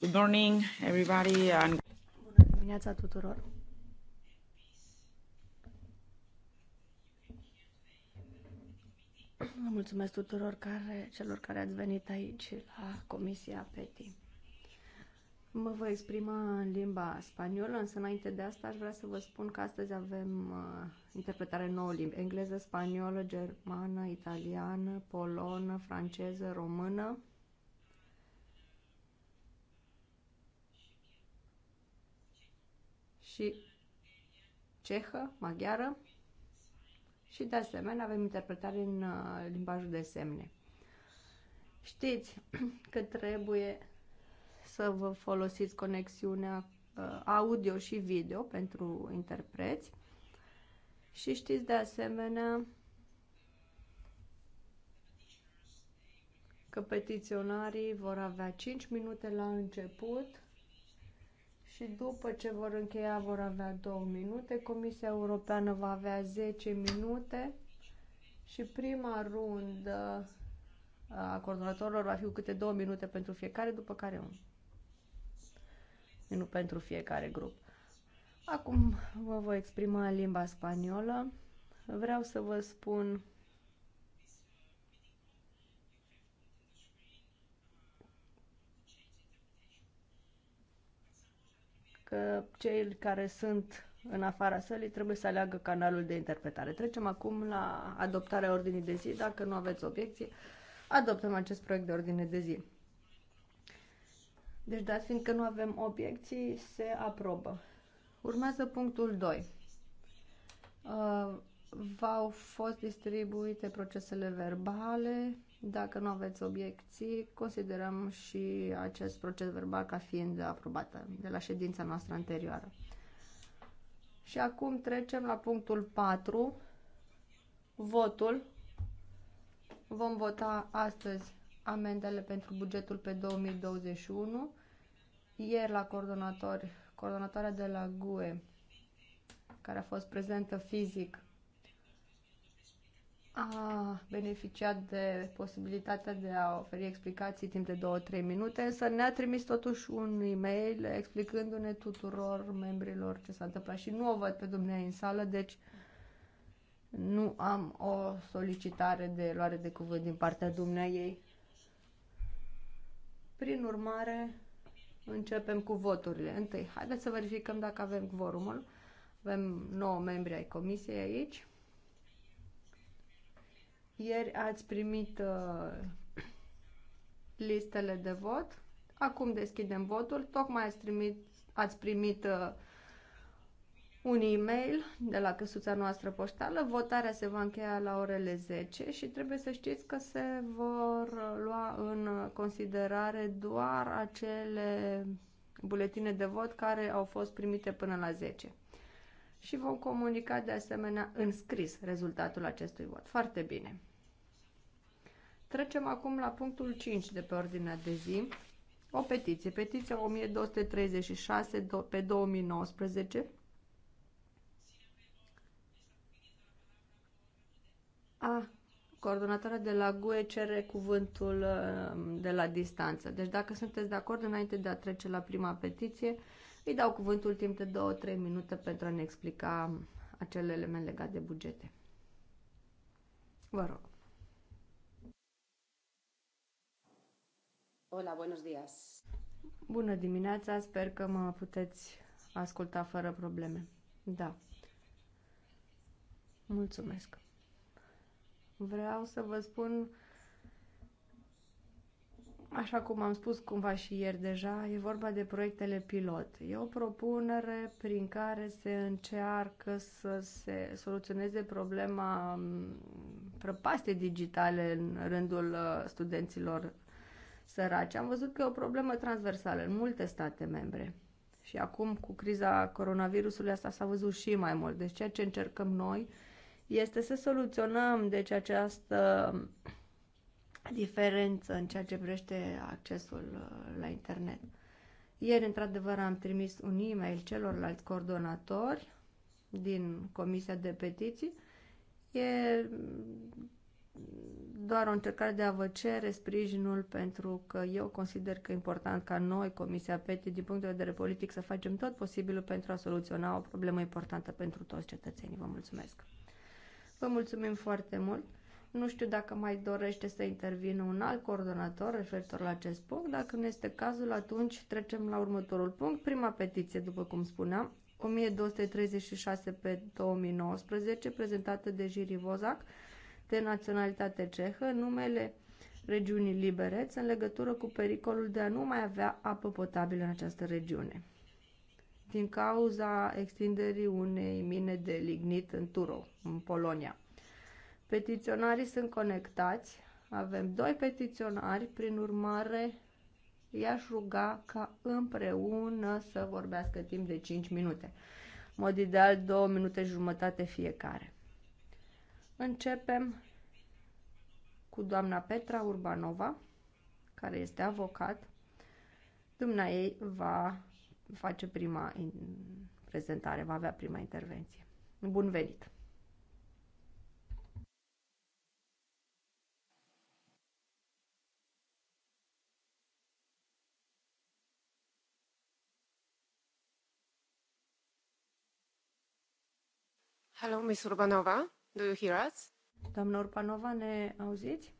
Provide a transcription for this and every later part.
Good morning, everybody. And... Bună dimineața tuturor. mulțumesc tuturor care, celor care ați venit aici la Comisia PETI. Mă voi exprima în limba spaniolă, însă înainte de asta aș vrea să vă spun că astăzi avem uh, interpretare în nouă limbi. Engleză, spaniolă, germană, italiană, polonă, franceză, română, și cehă, maghiară și de asemenea avem interpretare în uh, limbajul de semne. Știți că trebuie să vă folosiți conexiunea uh, audio și video pentru interpreți și știți de asemenea că petiționarii vor avea 5 minute la început și după ce vor încheia vor avea două minute. Comisia Europeană va avea 10 minute și prima rundă a coordonatorilor va fi cu câte două minute pentru fiecare, după care un minut pentru fiecare grup. Acum vă voi exprima în limba spaniolă. Vreau să vă spun că cei care sunt în afara sălii trebuie să aleagă canalul de interpretare. Trecem acum la adoptarea ordinii de zi. Dacă nu aveți obiecții, adoptăm acest proiect de ordine de zi. Deci, dat fiind că nu avem obiecții, se aprobă. Urmează punctul 2. Uh, v-au fost distribuite procesele verbale dacă nu aveți obiecții, considerăm și acest proces verbal ca fiind aprobat de la ședința noastră anterioară. Și acum trecem la punctul 4, votul. Vom vota astăzi amendele pentru bugetul pe 2021. Ieri la coordonatori, coordonatoarea de la GUE, care a fost prezentă fizic a beneficiat de posibilitatea de a oferi explicații timp de 2-3 minute, însă ne-a trimis totuși un e-mail explicându-ne tuturor membrilor ce s-a întâmplat și nu o văd pe dumneavoastră în sală, deci nu am o solicitare de luare de cuvânt din partea ei. Prin urmare, începem cu voturile. Întâi, haideți să verificăm dacă avem quorumul. Avem 9 membri ai comisiei aici. Ieri ați primit uh, listele de vot. Acum deschidem votul. Tocmai ați primit, ați primit uh, un e-mail de la căsuța noastră poștală. Votarea se va încheia la orele 10 și trebuie să știți că se vor uh, lua în considerare doar acele buletine de vot care au fost primite până la 10. Și vom comunica de asemenea în scris rezultatul acestui vot. Foarte bine! Trecem acum la punctul 5 de pe ordinea de zi. O petiție, petiția 1236 pe 2019. A, coordonatoarea de la GUE cere cuvântul um, de la distanță. Deci dacă sunteți de acord, înainte de a trece la prima petiție, îi dau cuvântul timp de 2-3 minute pentru a ne explica acel element legat de bugete. Vă rog. Hola, buenos días. Bună dimineața, sper că mă puteți asculta fără probleme. Da. Mulțumesc. Vreau să vă spun, așa cum am spus cumva și ieri deja, e vorba de proiectele pilot. E o propunere prin care se încearcă să se soluționeze problema mm, prăpastei digitale în rândul uh, studenților săraci. Am văzut că e o problemă transversală în multe state membre. Și acum, cu criza coronavirusului, asta s-a văzut și mai mult. Deci ceea ce încercăm noi este să soluționăm deci, această diferență în ceea ce vrește accesul uh, la internet. Ieri, într-adevăr, am trimis un e-mail celorlalți coordonatori din Comisia de Petiții. E doar o încercare de a vă cere sprijinul pentru că eu consider că e important ca noi, Comisia PETI, din punct de vedere politic, să facem tot posibilul pentru a soluționa o problemă importantă pentru toți cetățenii. Vă mulțumesc! Vă mulțumim foarte mult! Nu știu dacă mai dorește să intervină un alt coordonator referitor la acest punct. Dacă nu este cazul, atunci trecem la următorul punct. Prima petiție, după cum spuneam, 1236 pe 2019, prezentată de Jiri Vozac, de naționalitate cehă în numele regiunii Libereț în legătură cu pericolul de a nu mai avea apă potabilă în această regiune din cauza extinderii unei mine de lignit în Turo, în Polonia. Petiționarii sunt conectați, avem doi petiționari, prin urmare i-aș ruga ca împreună să vorbească timp de 5 minute. Mod ideal, 2 minute și jumătate fiecare. Începem cu doamna Petra Urbanova, care este avocat. Dumna ei va face prima prezentare, va avea prima intervenție. Bun venit! Hello, Miss Urbanova. Do you hear us? Doamna Urpanova, ne auziți?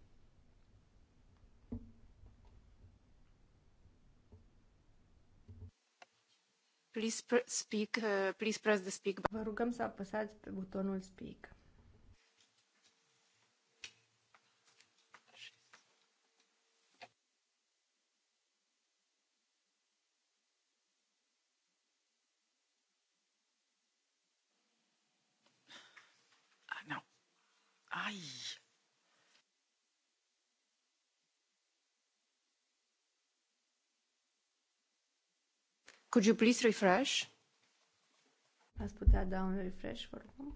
Please, speak, uh, please press the speak button. Vă rugăm să apăsați pe butonul speak. Ai! Could you please refresh? Ați putea da un refresh, vă rog?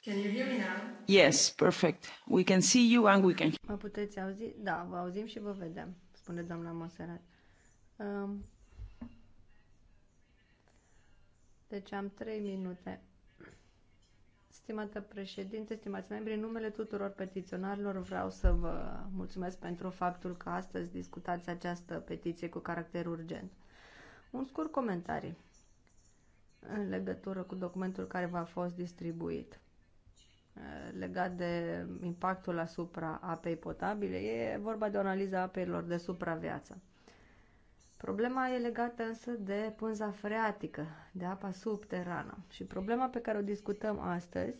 Can you hear me now? Yes, perfect. We can see you and we can... Mă puteți auzi? Da, vă auzim și vă vedem, spune doamna Monserrat. Um, deci am trei minute. Stimată președinte, stimați membri, în numele tuturor petiționarilor vreau să vă mulțumesc pentru faptul că astăzi discutați această petiție cu caracter urgent. Un scurt comentariu în legătură cu documentul care v-a fost distribuit eh, legat de impactul asupra apei potabile. E vorba de o analiză a apelor de supraviață. Problema e legată însă de pânza freatică, de apa subterană. Și problema pe care o discutăm astăzi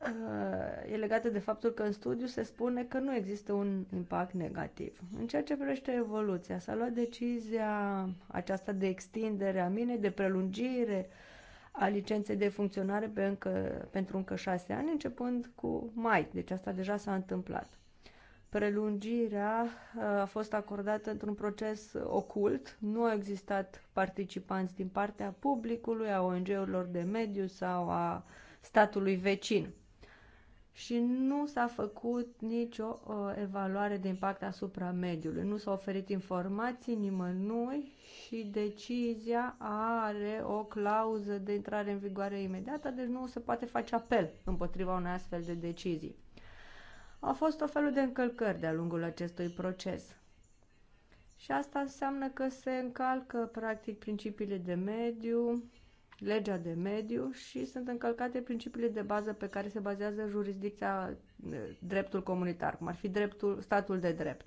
uh, e legată de faptul că în studiu se spune că nu există un impact negativ. În ceea ce privește evoluția, s-a luat decizia aceasta de extindere a mine, de prelungire a licenței de funcționare pe încă, pentru încă șase ani, începând cu mai. Deci asta deja s-a întâmplat. Prelungirea uh, a fost acordată într-un proces ocult, nu au existat participanți din partea publicului, a ONG-urilor de mediu sau a statului vecin. Și nu s-a făcut nicio uh, evaluare de impact asupra mediului. Nu s-au oferit informații nimănui și decizia are o clauză de intrare în vigoare imediată, deci nu se poate face apel împotriva unei astfel de decizii. Au fost o felul de încălcări de-a lungul acestui proces. Și asta înseamnă că se încalcă practic principiile de mediu, legea de mediu și sunt încălcate principiile de bază pe care se bazează jurisdicția, eh, dreptul comunitar, cum ar fi dreptul, statul de drept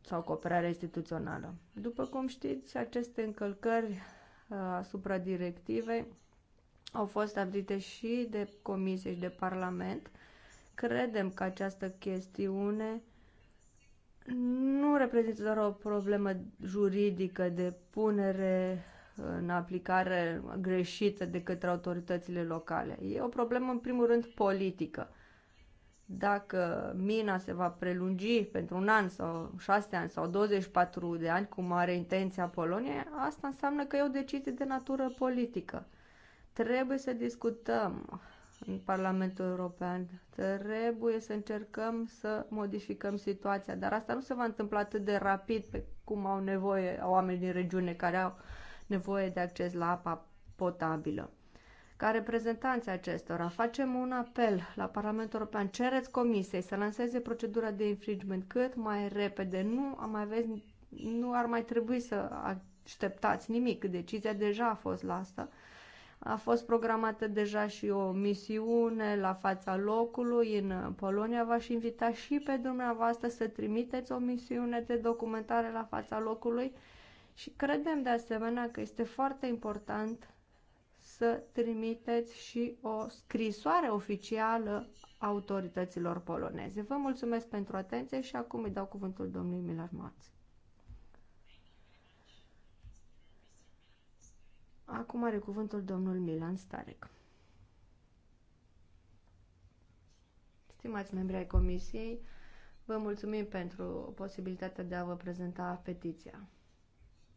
sau cooperarea instituțională. După cum știți, aceste încălcări eh, asupra directivei au fost stabilite și de Comisie și de Parlament Credem că această chestiune nu reprezintă doar o problemă juridică de punere în aplicare greșită de către autoritățile locale. E o problemă, în primul rând, politică. Dacă mina se va prelungi pentru un an sau șase ani sau 24 de ani, cum are intenția Polonia, asta înseamnă că e o decizie de natură politică. Trebuie să discutăm în Parlamentul European. Trebuie să încercăm să modificăm situația, dar asta nu se va întâmpla atât de rapid pe cum au nevoie oamenii din regiune care au nevoie de acces la apa potabilă. Ca reprezentanții acestora, facem un apel la Parlamentul European. Cereți Comisiei să lanseze procedura de infringement cât mai repede. Nu, am mai aveți, nu ar mai trebui să așteptați nimic. Decizia deja a fost la a fost programată deja și o misiune la fața locului în Polonia. V-aș invita și pe dumneavoastră să trimiteți o misiune de documentare la fața locului și credem de asemenea că este foarte important să trimiteți și o scrisoare oficială autorităților poloneze. Vă mulțumesc pentru atenție și acum îi dau cuvântul domnului Milar Marți. Acum are cuvântul domnul Milan Starec. Stimați membri ai Comisiei, vă mulțumim pentru posibilitatea de a vă prezenta petiția.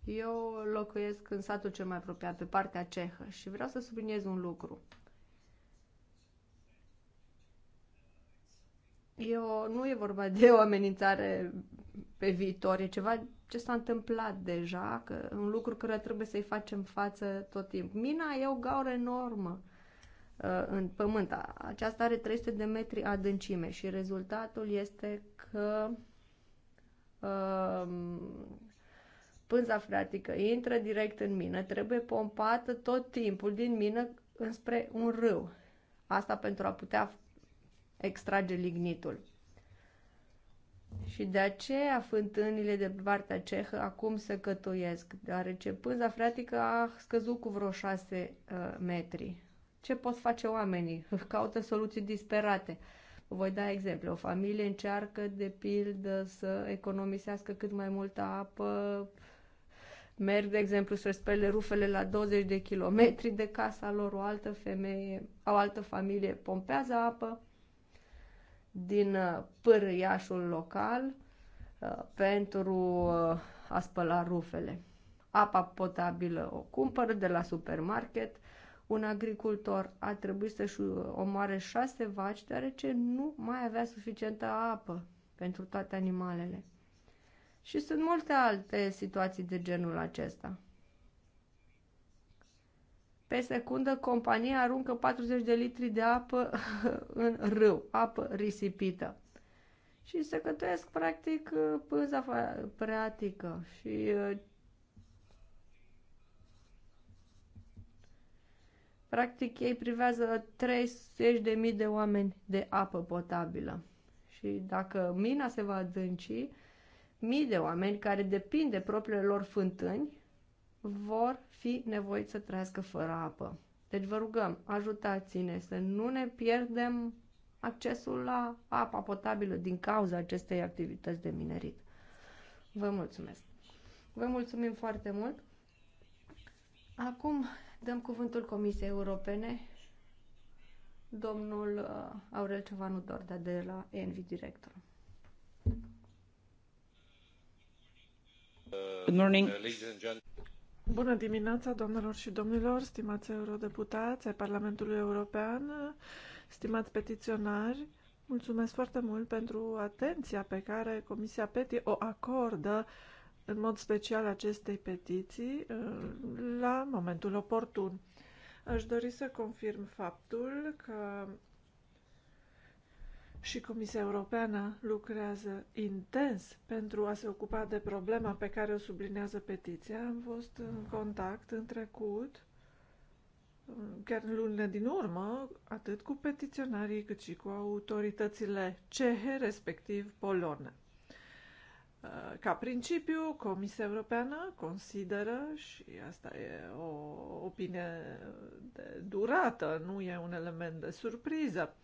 Eu locuiesc în satul cel mai apropiat, pe partea cehă, și vreau să subliniez un lucru. Eu, nu e vorba de o amenințare pe viitor, e ceva ce s-a întâmplat deja, că un lucru care trebuie să-i facem față tot timpul. Mina e o gaură enormă uh, în pământ. Aceasta are 300 de metri adâncime și rezultatul este că uh, pânza freatică intră direct în mină, trebuie pompată tot timpul din mină înspre un râu. Asta pentru a putea extrage lignitul. Și de aceea fântânile de partea cehă acum se cătuiesc, deoarece pânza fratică a scăzut cu vreo 6 uh, metri. Ce pot face oamenii? Caută soluții disperate. Vă voi da exemple. O familie încearcă, de pildă, să economisească cât mai multă apă. Merg, de exemplu, să spele rufele la 20 de kilometri de casa lor. O altă femeie, o altă familie pompează apă din uh, pârâiașul local uh, pentru uh, a spăla rufele. Apa potabilă o cumpără de la supermarket. Un agricultor a trebuit să-și omoare șase vaci deoarece nu mai avea suficientă apă pentru toate animalele. Și sunt multe alte situații de genul acesta. Pe secundă, compania aruncă 40 de litri de apă în râu, apă risipită. Și se cătuiesc, practic, pânza pratică. Și Practic, ei privează 30.000 de oameni de apă potabilă. Și dacă mina se va adânci, mii de oameni care depind de propriile lor fântâni vor fi nevoiți să trăiască fără apă. Deci vă rugăm, ajutați-ne să nu ne pierdem accesul la apa potabilă din cauza acestei activități de minerit. Vă mulțumesc! Vă mulțumim foarte mult! Acum dăm cuvântul Comisiei Europene, domnul uh, Aurel Cevanu Dorda de la Envi Director. Good morning. Bună dimineața, doamnelor și domnilor, stimați eurodeputați ai Parlamentului European, stimați petiționari, mulțumesc foarte mult pentru atenția pe care Comisia PETI o acordă în mod special acestei petiții la momentul oportun. Aș dori să confirm faptul că și Comisia Europeană lucrează intens pentru a se ocupa de problema pe care o sublinează petiția. Am fost în contact în trecut, chiar în lunile din urmă, atât cu petiționarii cât și cu autoritățile cehe, respectiv polone. Uh, ca principiu, Comisia Europeană consideră, și asta e o opinie de durată, nu e un element de surpriză,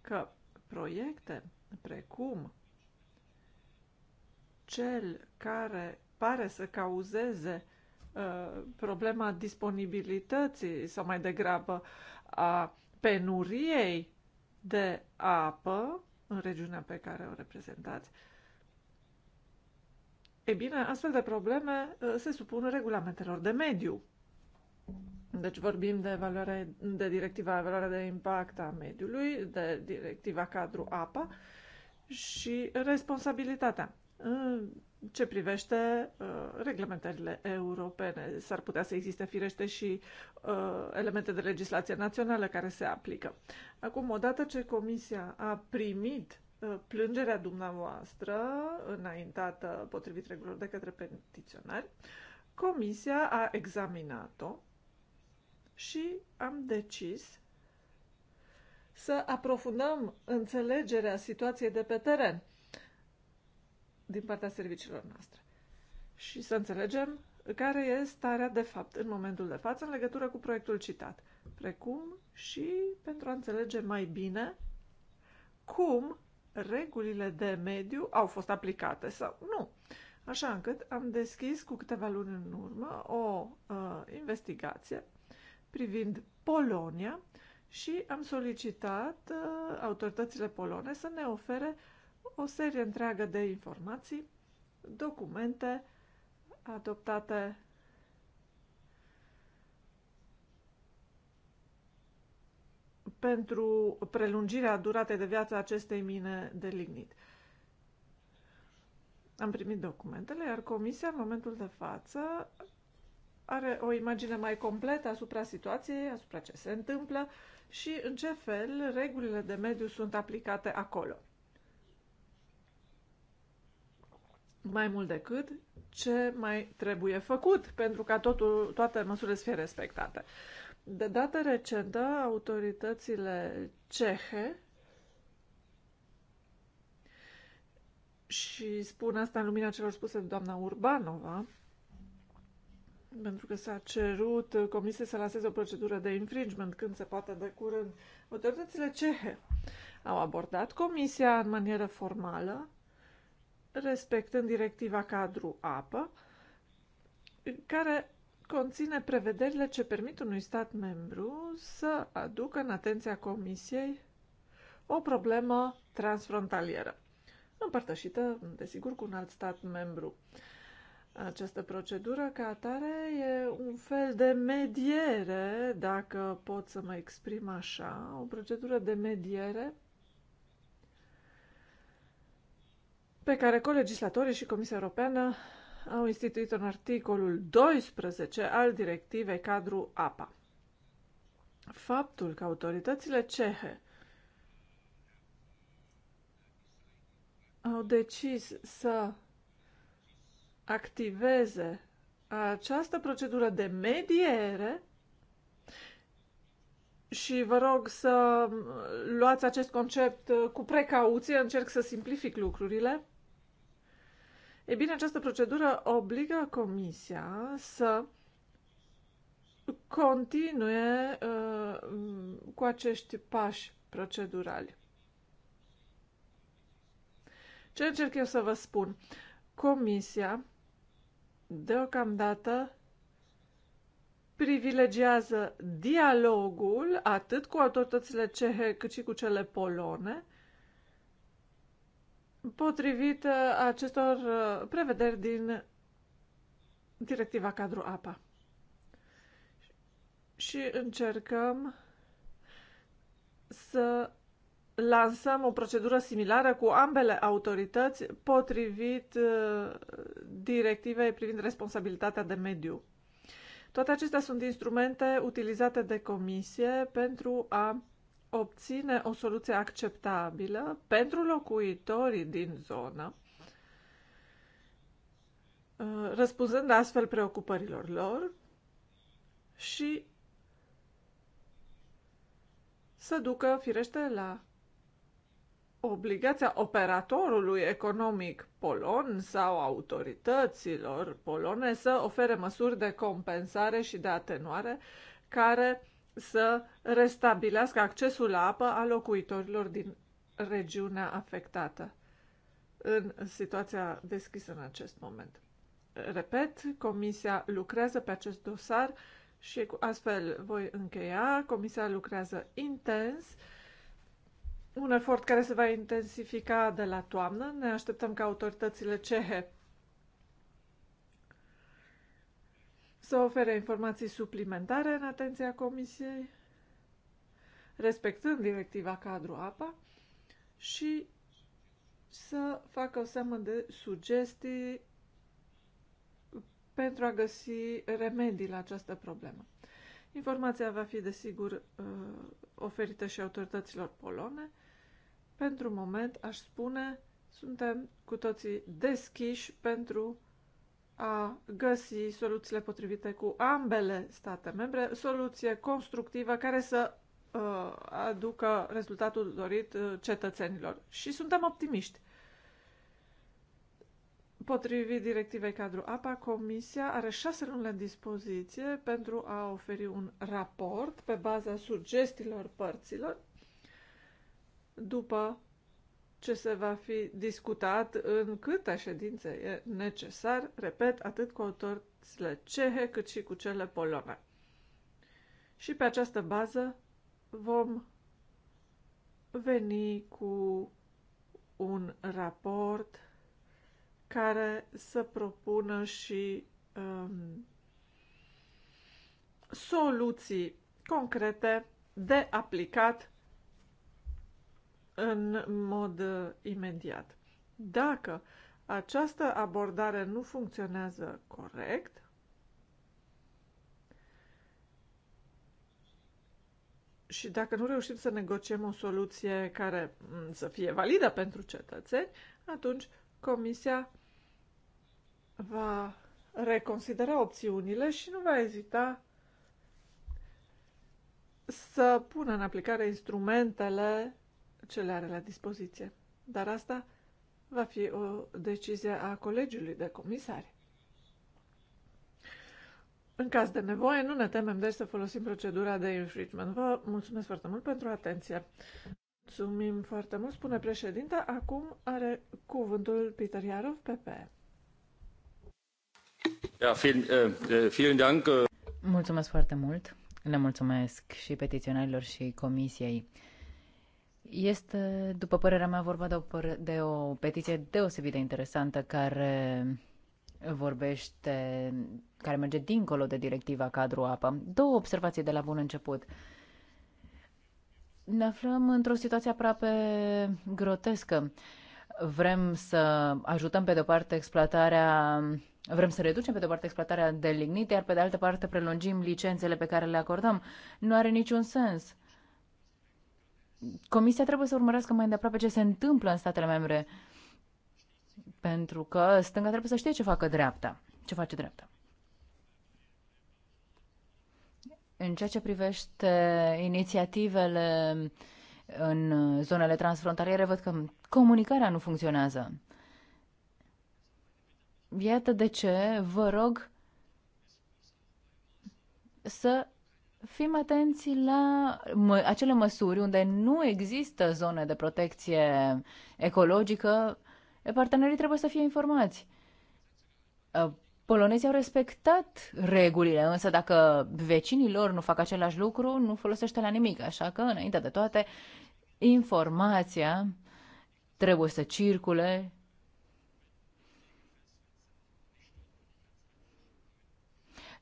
că proiecte precum cel care pare să cauzeze uh, problema disponibilității sau mai degrabă a penuriei de apă în regiunea pe care o reprezentați. E bine, astfel de probleme uh, se supun regulamentelor de mediu. Deci vorbim de, evaluare, de directiva evaluare de impact a mediului, de directiva cadru APA și responsabilitatea. În ce privește uh, reglementările europene, s-ar putea să existe firește și uh, elemente de legislație națională care se aplică. Acum, odată ce Comisia a primit uh, plângerea dumneavoastră înaintată potrivit regulilor de către petiționari, Comisia a examinat-o și am decis să aprofundăm înțelegerea situației de pe teren din partea serviciilor noastre și să înțelegem care e starea de fapt în momentul de față în legătură cu proiectul citat, precum și pentru a înțelege mai bine cum regulile de mediu au fost aplicate sau nu. Așa încât am deschis cu câteva luni în urmă o uh, investigație privind Polonia și am solicitat uh, autoritățile polone să ne ofere o serie întreagă de informații, documente adoptate pentru prelungirea duratei de viață a acestei mine de lignit. Am primit documentele, iar comisia în momentul de față are o imagine mai completă asupra situației, asupra ce se întâmplă și în ce fel regulile de mediu sunt aplicate acolo. Mai mult decât ce mai trebuie făcut pentru ca totul, toate măsurile să fie respectate. De dată recentă, autoritățile cehe și spun asta în lumina celor spuse de doamna Urbanova, pentru că s-a cerut comisiei să lanseze o procedură de infringement când se poate de curând. Autoritățile cehe au abordat comisia în manieră formală, respectând directiva cadru apă, care conține prevederile ce permit unui stat membru să aducă în atenția comisiei o problemă transfrontalieră, împărtășită, desigur, cu un alt stat membru. Această procedură ca atare e un fel de mediere, dacă pot să mă exprim așa, o procedură de mediere pe care colegislatorii și Comisia Europeană au instituit în articolul 12 al directivei cadru APA. Faptul că autoritățile cehe au decis să activeze această procedură de mediere și vă rog să luați acest concept uh, cu precauție, încerc să simplific lucrurile. E bine, această procedură obligă Comisia să continue uh, cu acești pași procedurali. Ce încerc eu să vă spun? Comisia deocamdată privilegiază dialogul atât cu autoritățile cehe cât și cu cele polone, potrivit uh, acestor uh, prevederi din directiva cadru APA. Și încercăm să lansăm o procedură similară cu ambele autorități potrivit uh, directivei privind responsabilitatea de mediu. Toate acestea sunt instrumente utilizate de comisie pentru a obține o soluție acceptabilă pentru locuitorii din zonă, uh, răspunzând astfel preocupărilor lor și să ducă, firește, la obligația operatorului economic polon sau autorităților polone să ofere măsuri de compensare și de atenuare care să restabilească accesul la apă a locuitorilor din regiunea afectată în situația deschisă în acest moment. Repet, Comisia lucrează pe acest dosar și astfel voi încheia. Comisia lucrează intens un efort care se va intensifica de la toamnă. Ne așteptăm ca autoritățile cehe să ofere informații suplimentare în atenția Comisiei, respectând directiva cadru APA și să facă o seamă de sugestii pentru a găsi remedii la această problemă. Informația va fi, desigur, uh, oferită și autorităților polone pentru moment, aș spune, suntem cu toții deschiși pentru a găsi soluțiile potrivite cu ambele state membre, soluție constructivă care să uh, aducă rezultatul dorit uh, cetățenilor. Și suntem optimiști. Potrivit directivei cadru APA, Comisia are șase luni la dispoziție pentru a oferi un raport pe baza sugestiilor părților după ce se va fi discutat în câte ședințe e necesar, repet, atât cu autorțile cehe cât și cu cele polone. Și pe această bază vom veni cu un raport care să propună și um, soluții concrete de aplicat în mod uh, imediat. Dacă această abordare nu funcționează corect, și dacă nu reușim să negociem o soluție care mm, să fie validă pentru cetățeni, atunci Comisia va reconsidera opțiunile și nu va ezita să pună în aplicare instrumentele ce le are la dispoziție. Dar asta va fi o decizie a colegiului de comisari. În caz de nevoie, nu ne temem deci să folosim procedura de infringement. Vă mulțumesc foarte mult pentru atenție. Mulțumim foarte mult, spune președinta. Acum are cuvântul Peter Iarov, PP. Ja, vielen, uh, vielen Dank. Äh. Mulțumesc foarte mult. Le mulțumesc și petiționarilor și comisiei. Este, după părerea mea, vorba de o, de o petiție deosebit de interesantă care vorbește, care merge dincolo de directiva cadru apă. Două observații de la bun început. Ne aflăm într-o situație aproape grotescă. Vrem să ajutăm pe de-o parte exploatarea Vrem să reducem pe de-o parte exploatarea de lignit, iar pe de altă parte prelungim licențele pe care le acordăm. Nu are niciun sens. Comisia trebuie să urmărească mai îndeaproape ce se întâmplă în statele membre, pentru că stânga trebuie să știe ce facă dreapta, ce face dreapta. În ceea ce privește inițiativele în zonele transfrontaliere, văd că comunicarea nu funcționează. Iată de ce vă rog să fim atenți la mă, acele măsuri unde nu există zone de protecție ecologică, partenerii trebuie să fie informați. Uh, polonezii au respectat regulile, însă dacă vecinii lor nu fac același lucru, nu folosește la nimic. Așa că, înainte de toate, informația trebuie să circule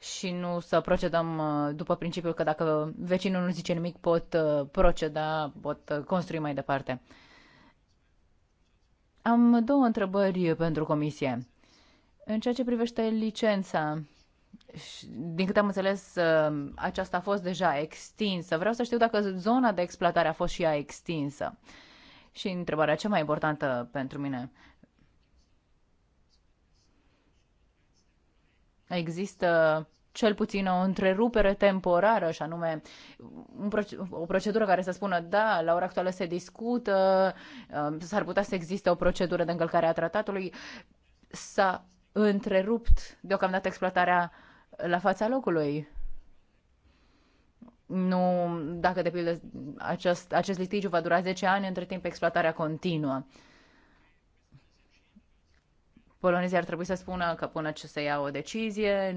și nu să procedăm uh, după principiul că dacă vecinul nu zice nimic pot uh, proceda, pot uh, construi mai departe. Am două întrebări pentru comisie. În ceea ce privește licența, din câte am înțeles, aceasta a fost deja extinsă. Vreau să știu dacă zona de exploatare a fost și ea extinsă. Și întrebarea cea mai importantă pentru mine, există cel puțin o întrerupere temporară, și anume o procedură care să spună, da, la ora actuală se discută, uh, s-ar putea să existe o procedură de încălcare a tratatului, s-a întrerupt deocamdată exploatarea la fața locului. Nu, dacă de pildă acest, acest litigiu va dura 10 ani, între timp exploatarea continuă. Polonezii ar trebui să spună că până ce se ia o decizie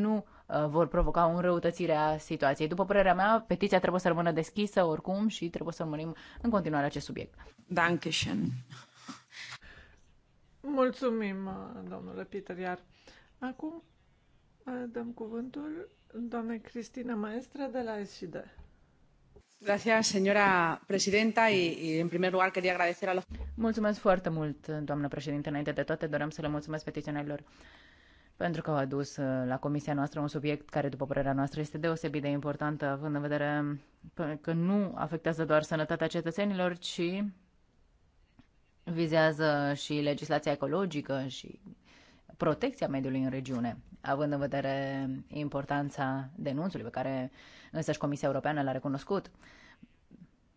nu uh, vor provoca o înrăutățire a situației. După părerea mea, petiția trebuie să rămână deschisă oricum și trebuie să urmărim în continuare acest subiect. Dankeschön. Mulțumim, uh, domnule Peter, iar acum uh, dăm cuvântul doamnei Cristina Maestră de la SID señora presidenta y, en primer lugar quería agradecer a los... Mulțumesc foarte mult, doamnă președintă. Înainte de toate, doream să le mulțumesc petiționarilor pentru că au adus uh, la comisia noastră un subiect care, după părerea noastră, este deosebit de important, având în vedere că nu afectează doar sănătatea cetățenilor, ci vizează și legislația ecologică și protecția mediului în regiune, având în vedere importanța denunțului pe care însăși Comisia Europeană l-a recunoscut.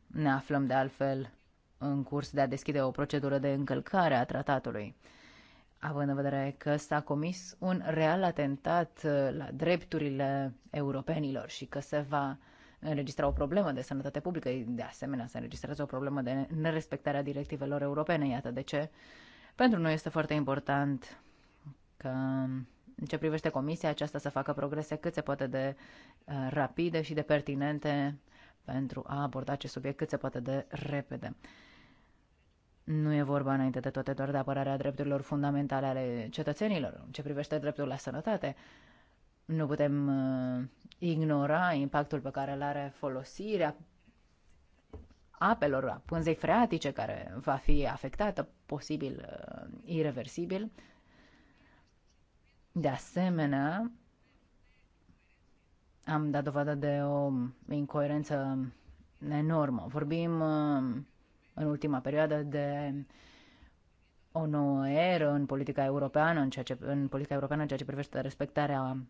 Ne aflăm de altfel în curs de a deschide o procedură de încălcare a tratatului, având în vedere că s-a comis un real atentat uh, la drepturile europenilor și că se va înregistra o problemă de sănătate publică. De asemenea, se înregistrează o problemă de nerespectare a directivelor europene. Iată de ce. Pentru noi este foarte important că în ce privește comisia aceasta să facă progrese cât se poate de uh, rapide și de pertinente pentru a aborda acest subiect cât se poate de repede. Nu e vorba înainte de toate doar de apărarea drepturilor fundamentale ale cetățenilor, ce privește dreptul la sănătate. Nu putem uh, ignora impactul pe care îl are folosirea apelor, a pânzei freatice care va fi afectată, posibil uh, irreversibil. De asemenea, am dat dovadă de o incoerență enormă. Vorbim uh, în ultima perioadă de o nouă eră în politica europeană, în, ceea ce, în politica europeană în ceea ce privește respectarea mm,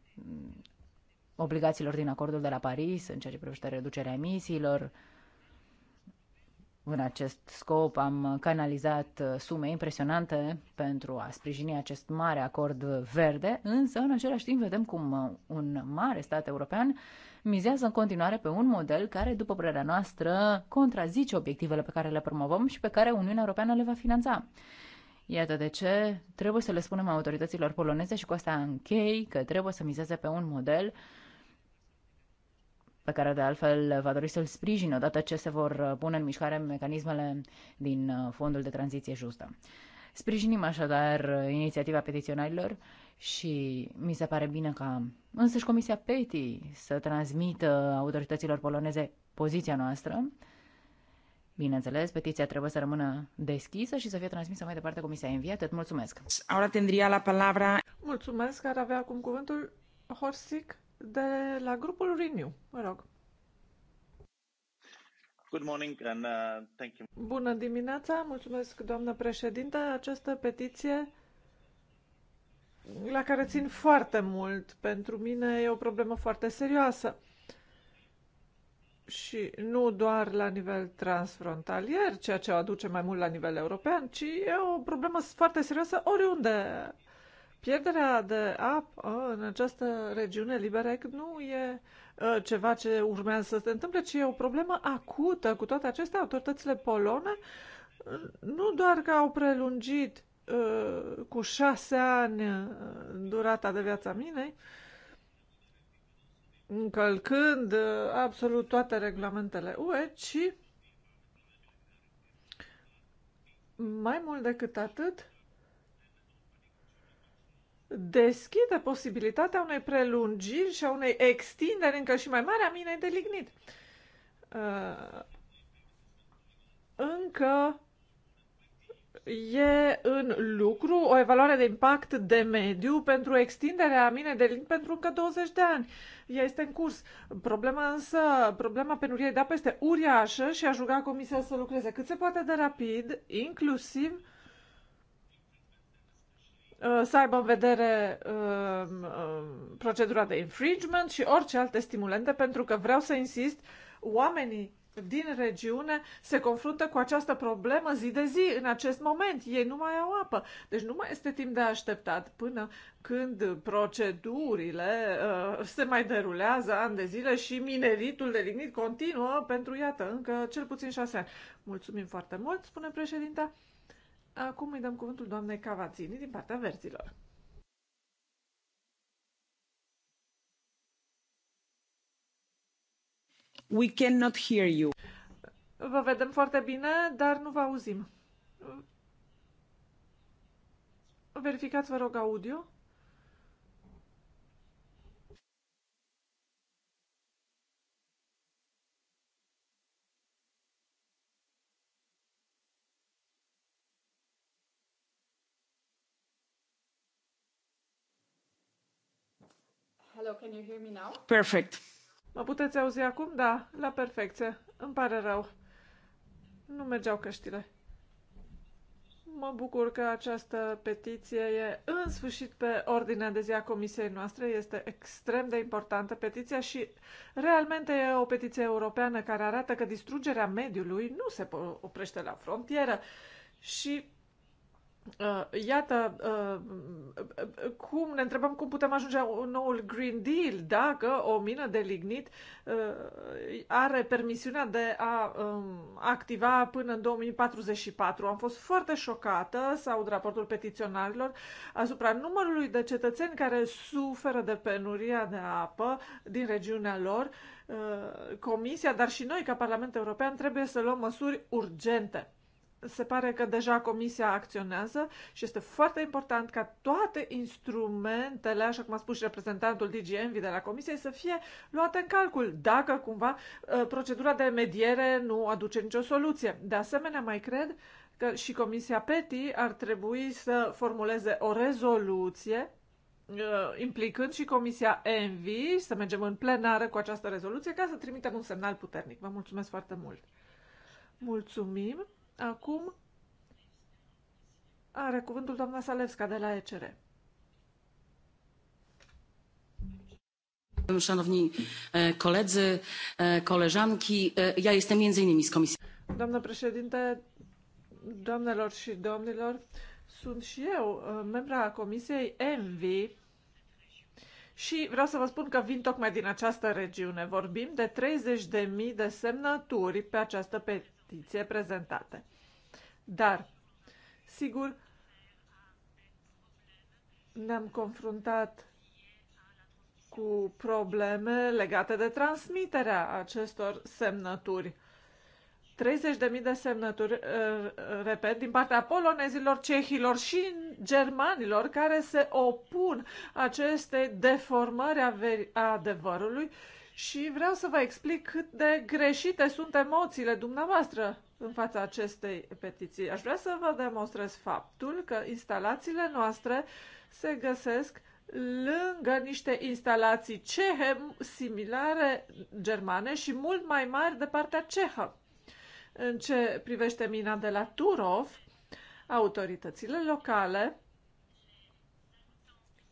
obligațiilor din acordul de la Paris, în ceea ce privește reducerea emisiilor, în acest scop am canalizat sume impresionante pentru a sprijini acest mare acord verde, însă în același timp vedem cum un mare stat european mizează în continuare pe un model care, după părerea noastră, contrazice obiectivele pe care le promovăm și pe care Uniunea Europeană le va finanța. Iată de ce trebuie să le spunem autorităților poloneze și cu asta închei că trebuie să mizeze pe un model pe care de altfel va dori să-l sprijin odată ce se vor uh, pune în mișcare mecanismele din uh, fondul de tranziție justă. Sprijinim așadar uh, inițiativa petiționarilor și mi se pare bine ca însăși Comisia PETI să transmită autorităților poloneze poziția noastră. Bineînțeles, petiția trebuie să rămână deschisă și să fie transmisă mai departe Comisia Envia. Tot mulțumesc! Ahora tendría la palabra... Mulțumesc, ar avea acum cuvântul Horsic de la grupul Renew. Mă rog. Good morning and, uh, thank you. Bună dimineața, mulțumesc doamnă președinte. Această petiție la care țin foarte mult. Pentru mine e o problemă foarte serioasă. Și nu doar la nivel transfrontalier, ceea ce o aduce mai mult la nivel european, ci e o problemă foarte serioasă oriunde Pierderea de apă în această regiune liberec nu e ă, ceva ce urmează să se întâmple, ci e o problemă acută. Cu toate acestea, autoritățile polone ă, nu doar că au prelungit ă, cu șase ani durata de viața minei, încălcând absolut toate regulamentele UE, ci mai mult decât atât, deschide posibilitatea unei prelungiri și a unei extinderi încă și mai mare a minei de lignit. Uh, încă e în lucru o evaluare de impact de mediu pentru extinderea minei de lignit pentru încă 20 de ani. Ea este în curs. Problema însă, problema penuriei de apă este uriașă și aș ruga Comisia să lucreze cât se poate de rapid, inclusiv Uh, să aibă în vedere um, um, procedura de infringement și orice alte stimulente, pentru că vreau să insist, oamenii din regiune se confruntă cu această problemă zi de zi, în acest moment. Ei nu mai au apă. Deci nu mai este timp de așteptat până când procedurile uh, se mai derulează ani de zile și mineritul de lignit continuă pentru, iată, încă cel puțin șase ani. Mulțumim foarte mult, spune președinta. Acum îi dăm cuvântul doamnei Cavazzini din partea verzilor. We cannot hear you. Vă vedem foarte bine, dar nu vă auzim. Verificați, vă rog, audio. Hello, can you hear me now? Perfect. Mă puteți auzi acum? Da, la perfecție. Îmi pare rău. Nu mergeau căștile. Mă bucur că această petiție e în sfârșit pe ordinea de zi a comisiei noastre. Este extrem de importantă petiția și realmente e o petiție europeană care arată că distrugerea mediului nu se oprește la frontieră și Uh, iată uh, cum ne întrebăm cum putem ajunge la noul Green Deal dacă o mină de lignit uh, are permisiunea de a um, activa până în 2044. Am fost foarte șocată să aud raportul petiționarilor asupra numărului de cetățeni care suferă de penuria de apă din regiunea lor. Comisia, dar și noi ca Parlament European trebuie să luăm măsuri urgente se pare că deja Comisia acționează și este foarte important ca toate instrumentele, așa cum a spus și reprezentantul DGMV de la Comisie, să fie luate în calcul, dacă cumva ă, procedura de mediere nu aduce nicio soluție. De asemenea, mai cred că și Comisia PETI ar trebui să formuleze o rezoluție ă, implicând și Comisia ENVI, să mergem în plenară cu această rezoluție ca să trimitem un semnal puternic. Vă mulțumesc foarte mult! Mulțumim! Acum are cuvântul doamna Salevska de la ECR. Szanowni koledzy, koleżanki, ja jestem między innymi z komisji. Doamna președinte, doamnelor și domnilor, sunt și eu membra a comisiei ENVI și vreau să vă spun că vin tocmai din această regiune. Vorbim de 30.000 de semnături pe această petiție prezentate. Dar, sigur, ne-am confruntat cu probleme legate de transmiterea acestor semnături. 30.000 de semnături, eh, repet, din partea polonezilor, cehilor și germanilor care se opun acestei deformări a adevărului și vreau să vă explic cât de greșite sunt emoțiile dumneavoastră în fața acestei petiții. Aș vrea să vă demonstrez faptul că instalațiile noastre se găsesc lângă niște instalații cehe similare germane și mult mai mari de partea cehă. În ce privește mina de la Turov, autoritățile locale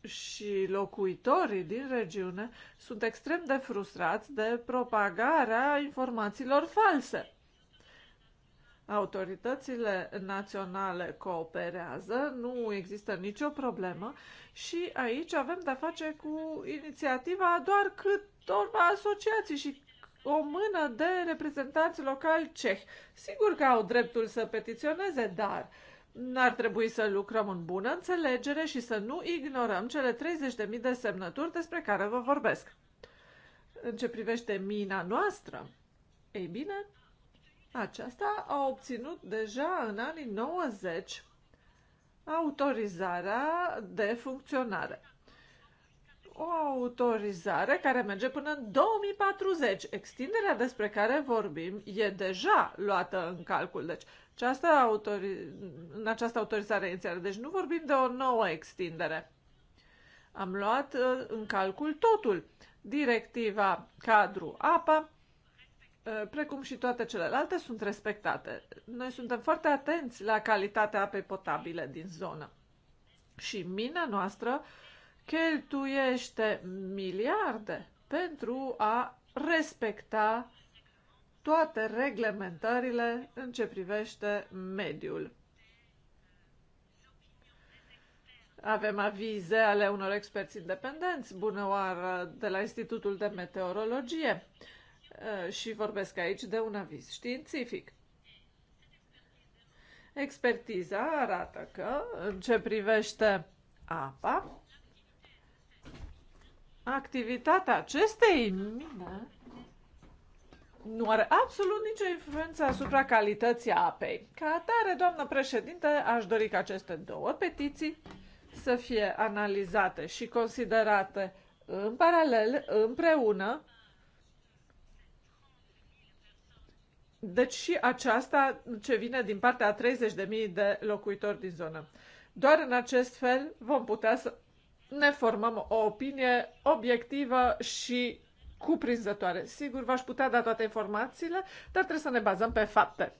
și locuitorii din regiune sunt extrem de frustrați de propagarea informațiilor false autoritățile naționale cooperează, nu există nicio problemă și aici avem de-a face cu inițiativa doar câtorva asociații și o mână de reprezentanți locali cehi. Sigur că au dreptul să petiționeze, dar ar trebui să lucrăm în bună înțelegere și să nu ignorăm cele 30.000 de semnături despre care vă vorbesc. În ce privește mina noastră, ei bine, aceasta a obținut deja în anii 90 autorizarea de funcționare. O autorizare care merge până în 2040. Extinderea despre care vorbim e deja luată în calcul. Deci, această autori... în această autorizare inițială. Deci nu vorbim de o nouă extindere. Am luat uh, în calcul totul. Directiva cadru Apa. Eh, precum și toate celelalte, sunt respectate. Noi suntem foarte atenți la calitatea apei potabile din zonă. Și mina noastră cheltuiește miliarde pentru a respecta toate reglementările în ce privește mediul. Avem avize ale unor experți independenți, bună oară, de la Institutul de Meteorologie. Uh, Eh, și vorbesc aici de un aviz științific. Expertiza arată că, în ce privește apa, activitatea acestei mine nu are absolut nicio influență asupra calității apei. Ca atare, doamnă președinte, aș dori ca aceste două petiții să fie analizate și considerate în paralel, împreună, Deci și aceasta ce vine din partea a 30.000 de locuitori din zonă. Doar în acest fel vom putea să ne formăm o opinie obiectivă și cuprinzătoare. Sigur, v-aș putea da toate informațiile, dar trebuie să ne bazăm pe fapte.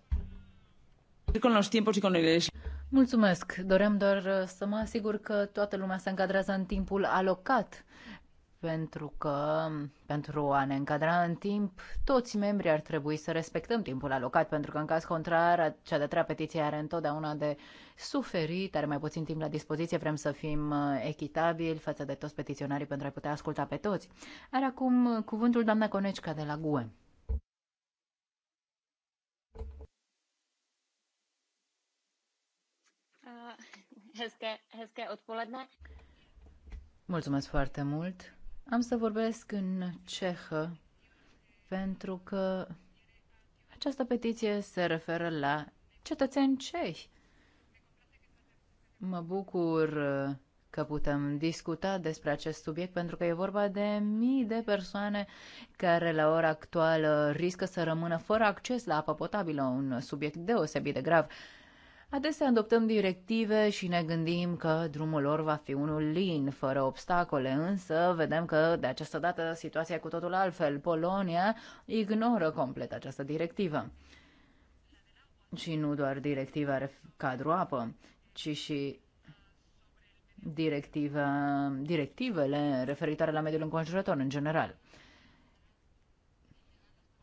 Mulțumesc. Doream doar să mă asigur că toată lumea se încadrează în timpul alocat pentru că, pentru a ne încadra în timp, toți membrii ar trebui să respectăm timpul alocat, pentru că, în caz contrar, cea de-a treia petiție are întotdeauna de suferit, are mai puțin timp la dispoziție, vrem să fim uh, echitabili față de toți petiționarii pentru a putea asculta pe toți. Are acum uh, cuvântul doamna Conecica de la GUE. Uh, hezké, hezké odpoledne. Mulțumesc foarte mult. Am să vorbesc în cehă pentru că această petiție se referă la cetățeni cehi. Mă bucur că putem discuta despre acest subiect pentru că e vorba de mii de persoane care la ora actuală riscă să rămână fără acces la apă potabilă, un subiect deosebit de grav. Adesea adoptăm directive și ne gândim că drumul lor va fi unul lin, fără obstacole, însă vedem că de această dată situația e cu totul altfel. Polonia ignoră complet această directivă. Și nu doar directiva cadru apă, ci și directiva, directivele referitoare la mediul înconjurător în general.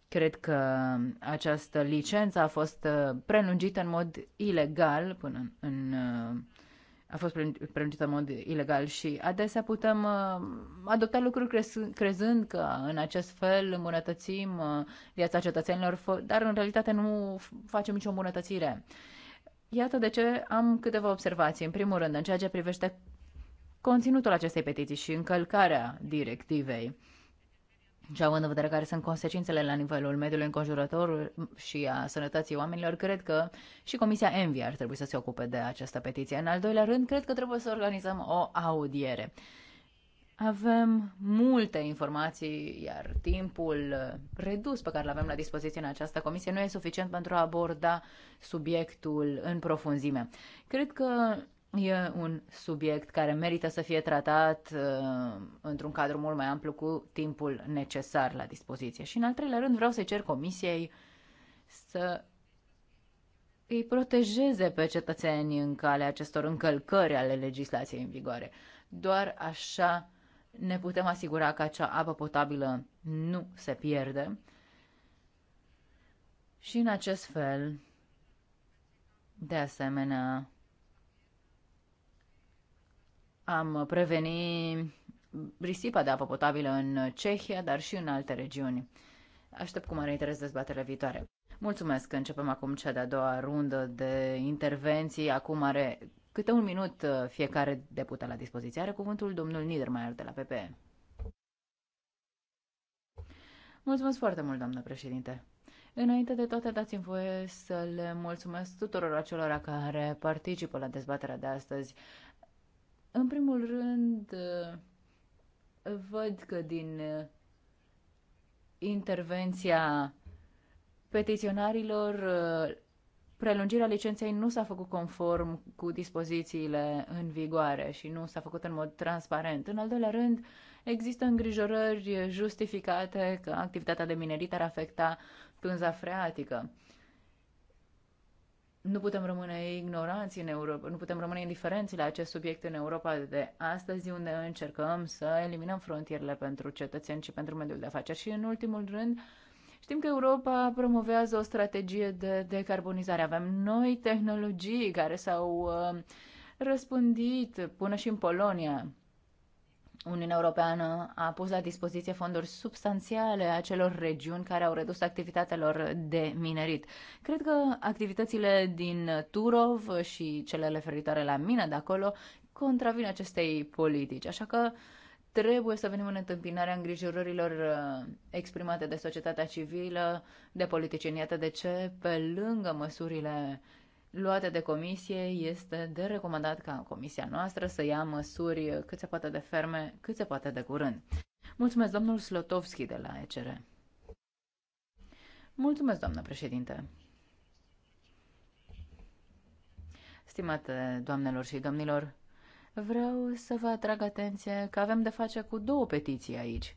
Cred că această licență a fost uh, prelungită în mod ilegal până în uh, a fost prelungită în mod ilegal și adesea putem uh, adopta lucruri crezând că în acest fel îmbunătățim viața cetățenilor, dar în realitate nu facem nicio îmbunătățire. Iată de ce am câteva observații. În primul rând, în ceea ce privește conținutul acestei petiții și încălcarea directivei. Și având în vedere care sunt consecințele la nivelul mediului înconjurător și a sănătății oamenilor, cred că și Comisia Envi ar trebui să se ocupe de această petiție. În al doilea rând, cred că trebuie să organizăm o audiere. Avem multe informații, iar timpul redus pe care îl avem la dispoziție în această comisie nu e suficient pentru a aborda subiectul în profunzime. Cred că E un subiect care merită să fie tratat uh, într-un cadru mult mai amplu cu timpul necesar la dispoziție. Și în al treilea rând vreau să cer comisiei să îi protejeze pe cetățeni în calea acestor încălcări ale legislației în vigoare. Doar așa ne putem asigura că acea apă potabilă nu se pierde și în acest fel, de asemenea, am preveni risipa de apă potabilă în Cehia, dar și în alte regiuni. Aștept cu mare interes dezbaterea viitoare. Mulțumesc că începem acum cea de-a doua rundă de intervenții. Acum are câte un minut uh, fiecare deputat la dispoziție. Are cuvântul domnul Niedermayer de la PPE. Mulțumesc foarte mult, doamnă președinte. Înainte de toate, dați-mi voie să le mulțumesc tuturor acelora care participă la dezbaterea de astăzi. În primul rând, văd că din intervenția petiționarilor, prelungirea licenței nu s-a făcut conform cu dispozițiile în vigoare și nu s-a făcut în mod transparent. În al doilea rând, există îngrijorări justificate că activitatea de minerit ar afecta pânza freatică. Nu putem rămâne ignoranți în Europa, nu putem rămâne indiferenți la acest subiect în Europa de astăzi, unde încercăm să eliminăm frontierele pentru cetățeni și pentru mediul de afaceri. Și în ultimul rând, știm că Europa promovează o strategie de decarbonizare. Avem noi tehnologii care s-au uh, răspândit până și în Polonia. Uniunea Europeană a pus la dispoziție fonduri substanțiale celor regiuni care au redus activitatea lor de minerit. Cred că activitățile din Turov și cele referitoare la mine de acolo contravin acestei politici, așa că trebuie să venim în întâmpinarea îngrijorărilor uh, exprimate de societatea civilă, de politicieni. Iată de ce, pe lângă măsurile luate de comisie, este de recomandat ca comisia noastră să ia măsuri cât se poate de ferme, cât se poate de curând. Mulțumesc, domnul Slotovski de la ECR. Mulțumesc, doamnă președinte. Stimate doamnelor și domnilor, vreau să vă atrag atenție că avem de face cu două petiții aici,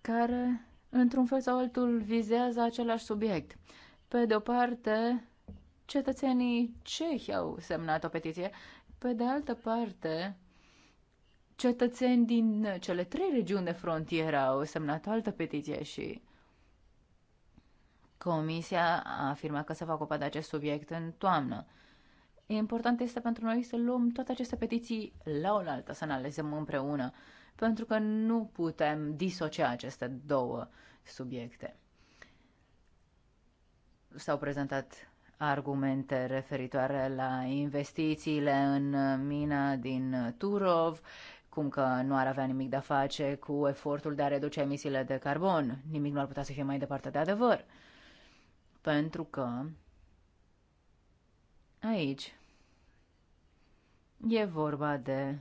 care, într-un fel sau altul, vizează același subiect. Pe de o parte, cetățenii cehi au semnat o petiție. Pe de altă parte, cetățeni din cele trei regiuni de frontieră au semnat o altă petiție și Comisia a afirmat că se va ocupa de acest subiect în toamnă. Important este pentru noi să luăm toate aceste petiții la oaltă, să analizăm împreună, pentru că nu putem disocia aceste două subiecte. S-au prezentat argumente referitoare la investițiile în mina din Turov, cum că nu ar avea nimic de-a face cu efortul de a reduce emisiile de carbon. Nimic nu ar putea să fie mai departe de adevăr. Pentru că aici e vorba de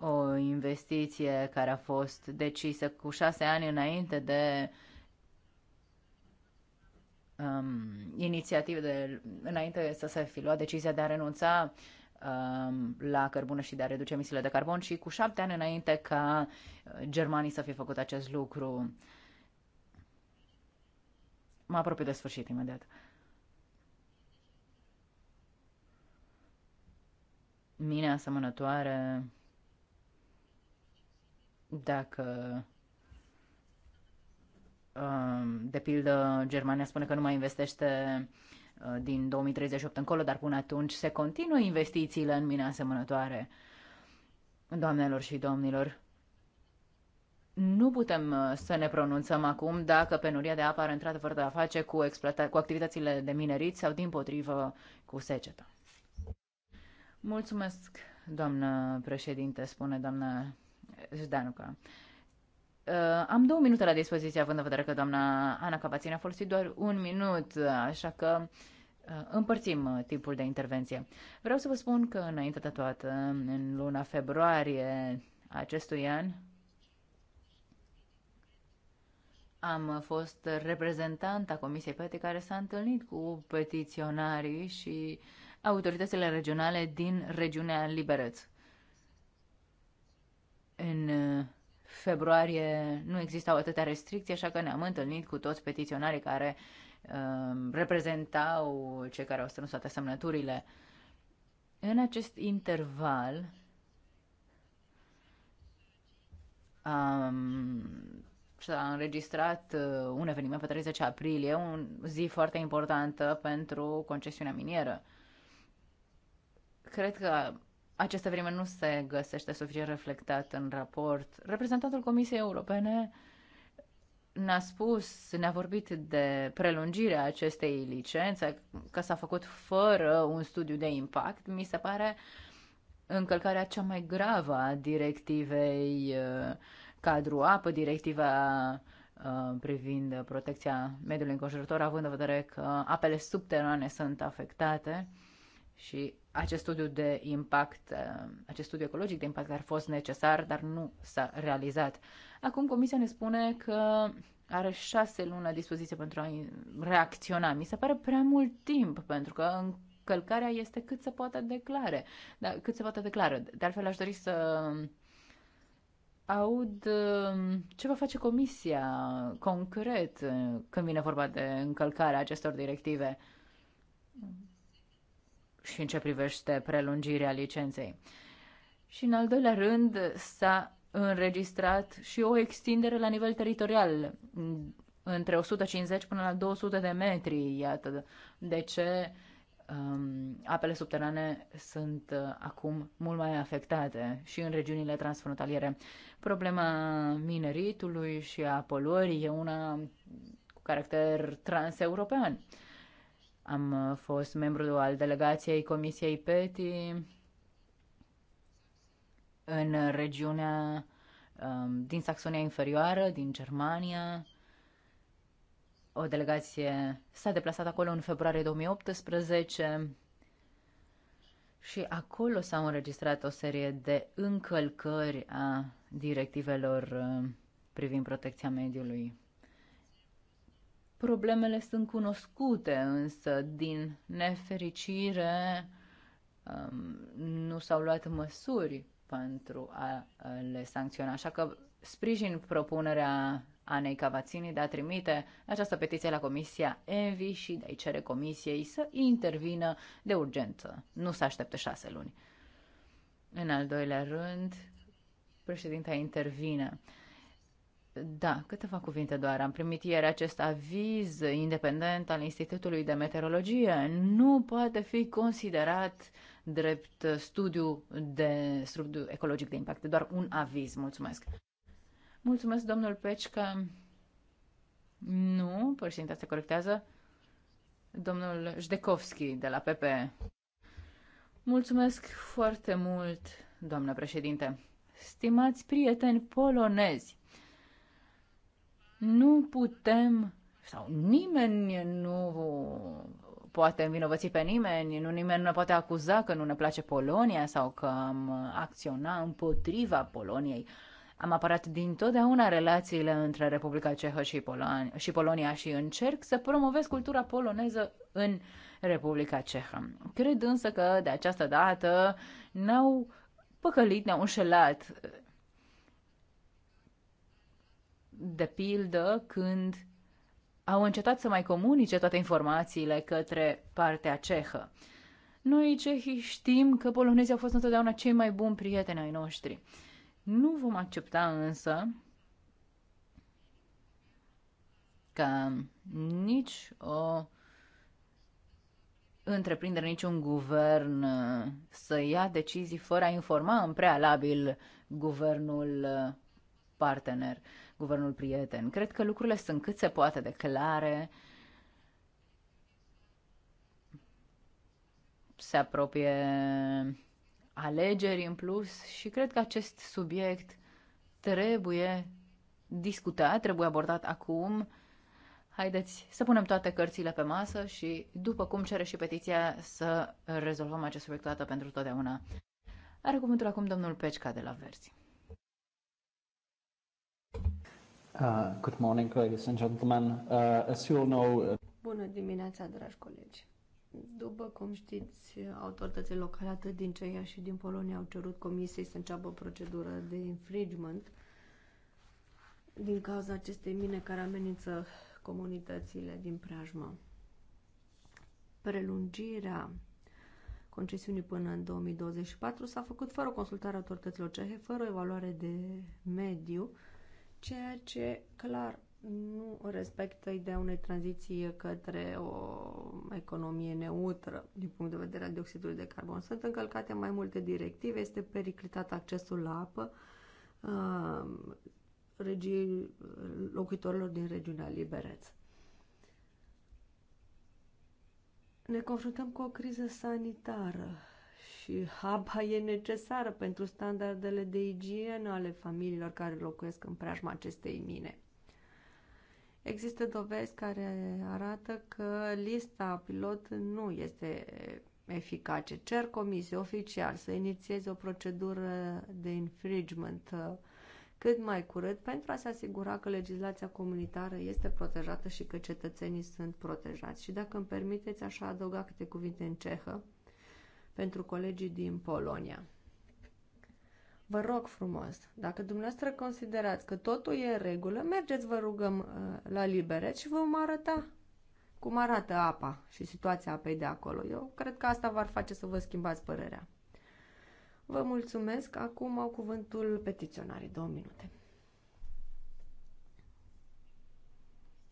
o investiție care a fost decisă cu șase ani înainte de um, inițiative de, înainte să se fi luat decizia de a renunța um, la cărbună și de a reduce emisiile de carbon și cu șapte ani înainte ca uh, germanii să fie făcut acest lucru. Mă apropiu de sfârșit imediat. Mine asemănătoare, dacă Um, de pildă, Germania spune că nu mai investește uh, din 2038 încolo, dar până atunci se continuă investițiile în mine asemănătoare. Doamnelor și domnilor, nu putem uh, să ne pronunțăm acum dacă penuria de apă are într-adevăr de a face cu, exploata- cu activitățile de minerit sau, din potrivă, cu secetă. Mulțumesc, doamnă președinte, spune doamna Jdanuca. Uh, am două minute la dispoziție, având în vedere că doamna Ana Cavațin a folosit doar un minut, uh, așa că uh, împărțim uh, timpul de intervenție. Vreau să vă spun că înainte de toată, în luna februarie acestui an, am fost reprezentanta Comisiei Pete care s-a întâlnit cu petiționarii și autoritățile regionale din regiunea Libereț. În uh, februarie nu existau atâtea restricții, așa că ne-am întâlnit cu toți petiționarii care uh, reprezentau cei care au strâns toate semnăturile. În acest interval um, s-a înregistrat uh, un eveniment pe 30 aprilie, o zi foarte importantă pentru concesiunea minieră. Cred că acest vreme nu se găsește să fie reflectat în raport. Reprezentantul Comisiei Europene ne-a spus, ne-a vorbit de prelungirea acestei licențe, că s-a făcut fără un studiu de impact. Mi se pare încălcarea cea mai gravă a directivei uh, cadru apă, directiva uh, privind protecția mediului înconjurător, având în vedere că apele subterane sunt afectate și acest studiu de impact, uh, acest studiu ecologic de impact ar fost necesar, dar nu s-a realizat. Acum Comisia ne spune că are șase luni la dispoziție pentru a reacționa. Mi se pare prea mult timp, pentru că încălcarea este cât se poate declare. Da, cât se poate declară. De altfel, aș dori să aud uh, ce va face Comisia concret uh, când vine vorba de încălcarea acestor directive și în ce privește prelungirea licenței. Și în al doilea rând s-a înregistrat și o extindere la nivel teritorial între 150 până la 200 de metri, iată de ce um, apele subterane sunt uh, acum mult mai afectate și în regiunile transfrontaliere. Problema mineritului și a poluării e una cu caracter transeuropean. Uh, am uh, fost membru al delegației Comisiei PETI în regiunea um, din Saxonia Inferioară, din Germania. O delegație s-a deplasat acolo în februarie 2018 și acolo s-au înregistrat o serie de încălcări a directivelor uh, privind protecția mediului. Problemele sunt cunoscute, însă, din nefericire, um, nu s-au luat măsuri pentru a le sancționa. Așa că sprijin propunerea Anei Cavațini de a trimite această petiție la Comisia Envi și de a-i cere Comisiei să intervină de urgență. Nu se aștepte șase luni. În al doilea rând, președinta intervine. Da, câteva cuvinte doar. Am primit ieri acest aviz independent al Institutului de Meteorologie. Nu poate fi considerat drept studiu, de, studiu ecologic de impact, doar un aviz. Mulțumesc. Mulțumesc, domnul Pecica. Nu, președinta se corectează. Domnul Jdekovski de la PP. Mulțumesc foarte mult, doamnă președinte. Stimați prieteni polonezi, nu putem sau nimeni nu poate învinovăți pe nimeni, nu nimeni nu ne poate acuza că nu ne place Polonia sau că am acționa împotriva Poloniei. Am apărat totdeauna relațiile între Republica Cehă și, Polon- și Polonia și încerc să promovez cultura poloneză în Republica Cehă. Cred însă că de această dată n au păcălit, ne-au înșelat de pildă când au încetat să mai comunice toate informațiile către partea cehă. Noi cehii știm că polonezii au fost întotdeauna cei mai buni prieteni ai noștri. Nu vom accepta însă ca nici o întreprindere, nici un guvern uh, să ia decizii fără a informa în prealabil guvernul uh, partener guvernul prieten. Cred că lucrurile sunt cât se poate de clare. Se apropie alegeri în plus și cred că acest subiect trebuie discutat, trebuie abordat acum. Haideți să punem toate cărțile pe masă și, după cum cere și petiția, să rezolvăm acest subiect toată pentru totdeauna. Are cuvântul acum domnul Pecica de la Verzi. Uh, good morning, ladies and gentlemen. Uh, as you all know... Uh... Bună dimineața, dragi colegi. După cum știți, autoritățile locale atât din Ceia și din Polonia au cerut comisiei să înceapă o procedură de infringement din cauza acestei mine care amenință comunitățile din preajmă. Prelungirea concesiunii până în 2024 s-a făcut fără consultarea autorităților cehe, fără evaluare de mediu, ceea ce clar nu respectă ideea unei tranziții către o economie neutră din punct de vedere al dioxidului de carbon. Sunt încălcate mai multe directive, este periclitat accesul la apă uh, regii, locuitorilor din regiunea Libereț. Ne confruntăm cu o criză sanitară și haba e necesară pentru standardele de igienă ale familiilor care locuiesc în preajma acestei mine. Există dovezi care arată că lista pilot nu este eficace. Cer comisie oficial să inițieze o procedură de infringement uh, cât mai curând pentru a se asigura că legislația comunitară este protejată și că cetățenii sunt protejați. Și dacă îmi permiteți, aș adăuga câte cuvinte în cehă pentru colegii din Polonia. Vă rog frumos, dacă dumneavoastră considerați că totul e în regulă, mergeți, vă rugăm, uh, la libere și vă vom arăta cum arată apa și situația apei de acolo. Eu cred că asta v-ar face să vă schimbați părerea. Vă mulțumesc. Acum au cuvântul petiționarii. Două minute.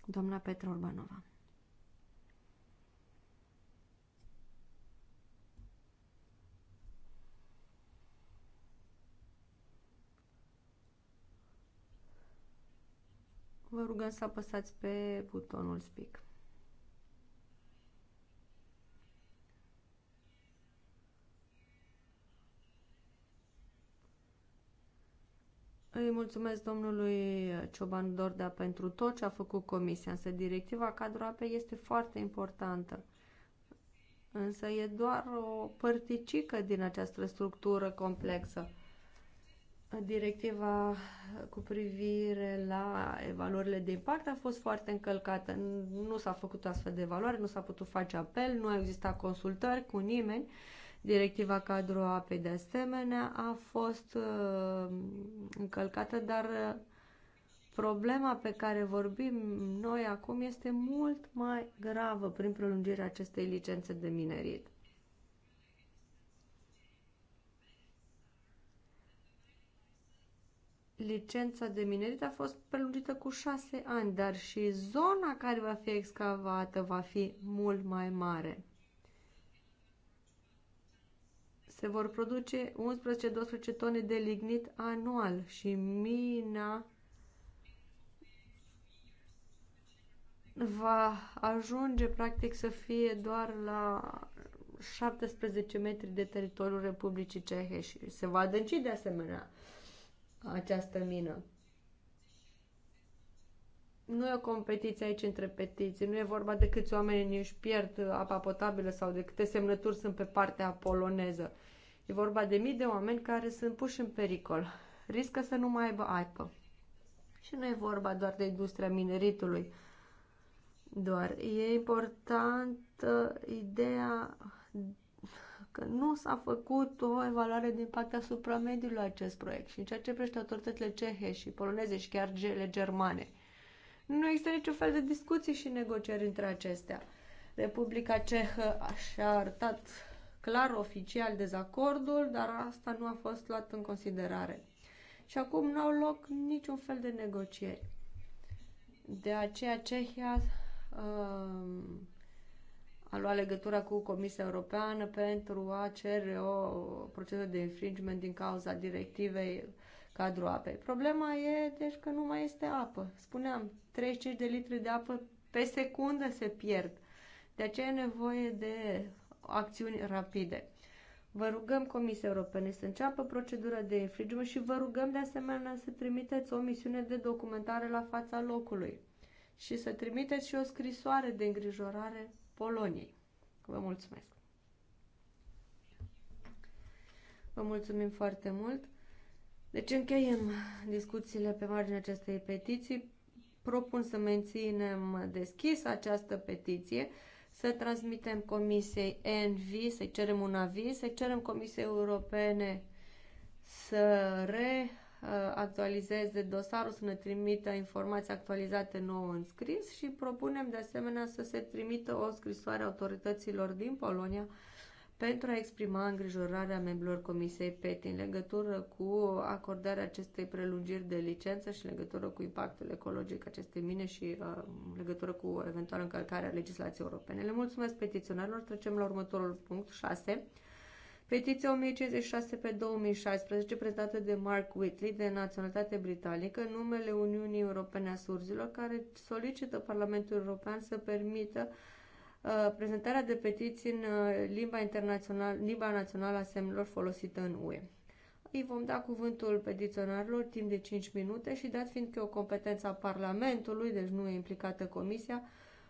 Doamna Petra Urbanova. vă rugăm să apăsați pe butonul speak. Îi mulțumesc domnului Cioban Dordea pentru tot ce a făcut comisia, însă directiva cadru apei este foarte importantă. Însă e doar o părticică din această structură complexă directiva cu privire la evaluările de impact a fost foarte încălcată. Nu s-a făcut astfel de evaluare, nu s-a putut face apel, nu a existat consultări cu nimeni. Directiva cadru apei de asemenea a fost uh, încălcată, dar uh, problema pe care vorbim noi acum este mult mai gravă prin prelungirea acestei licențe de minerit. licența de minerit a fost prelungită cu șase ani, dar și zona care va fi excavată va fi mult mai mare. Se vor produce 11-12 tone de lignit anual și mina va ajunge practic să fie doar la 17 metri de teritoriul Republicii Cehe și se va adânci de asemenea această mină. Nu e o competiție aici între petiții, nu e vorba de câți oameni își pierd apa potabilă sau de câte semnături sunt pe partea poloneză. E vorba de mii de oameni care sunt puși în pericol, riscă să nu mai aibă apă. Și nu e vorba doar de industria mineritului, doar e importantă ideea că nu s-a făcut o evaluare de impact asupra mediului acest proiect și în ceea ce privește autoritățile cehe și poloneze și chiar cele germane. Nu există niciun fel de discuții și negocieri între acestea. Republica Cehă și-a arătat clar oficial dezacordul, dar asta nu a fost luat în considerare. Și acum nu au loc niciun fel de negocieri. De aceea Cehia uh, a luat legătura cu Comisia Europeană pentru a cere o procedură de infringement din cauza directivei cadru apei. Problema e, deci, că nu mai este apă. Spuneam, 35 de litri de apă pe secundă se pierd. De aceea e nevoie de acțiuni rapide. Vă rugăm Comisia Europeană să înceapă procedura de infringement și vă rugăm de asemenea să trimiteți o misiune de documentare la fața locului și să trimiteți și o scrisoare de îngrijorare Poloniei. Vă mulțumesc! Vă mulțumim foarte mult! Deci încheiem discuțiile pe marginea acestei petiții. Propun să menținem deschis această petiție, să transmitem Comisiei ENVI, să i cerem un aviz, să i cerem Comisiei Europene să re Uh, actualizeze dosarul, să ne trimită informații actualizate nouă în scris și propunem de asemenea să se trimită o scrisoare autorităților din Polonia pentru a exprima îngrijorarea membrilor Comisiei PETI în legătură cu acordarea acestei prelungiri de licență și în legătură cu impactul ecologic acestei mine și uh, în legătură cu eventual încălcarea legislației europene. Le mulțumesc petiționarilor. Trecem la următorul punct 6 Petiția 1056 pe 2016, prezentată de Mark Whitley, de naționalitate britanică, în numele Uniunii Europene a Surzilor, care solicită Parlamentul European să permită uh, prezentarea de petiții în uh, limba, internațional, limba națională a semnelor folosită în UE. Îi vom da cuvântul petiționarilor timp de 5 minute și dat fiind că o competență a Parlamentului, deci nu e implicată Comisia,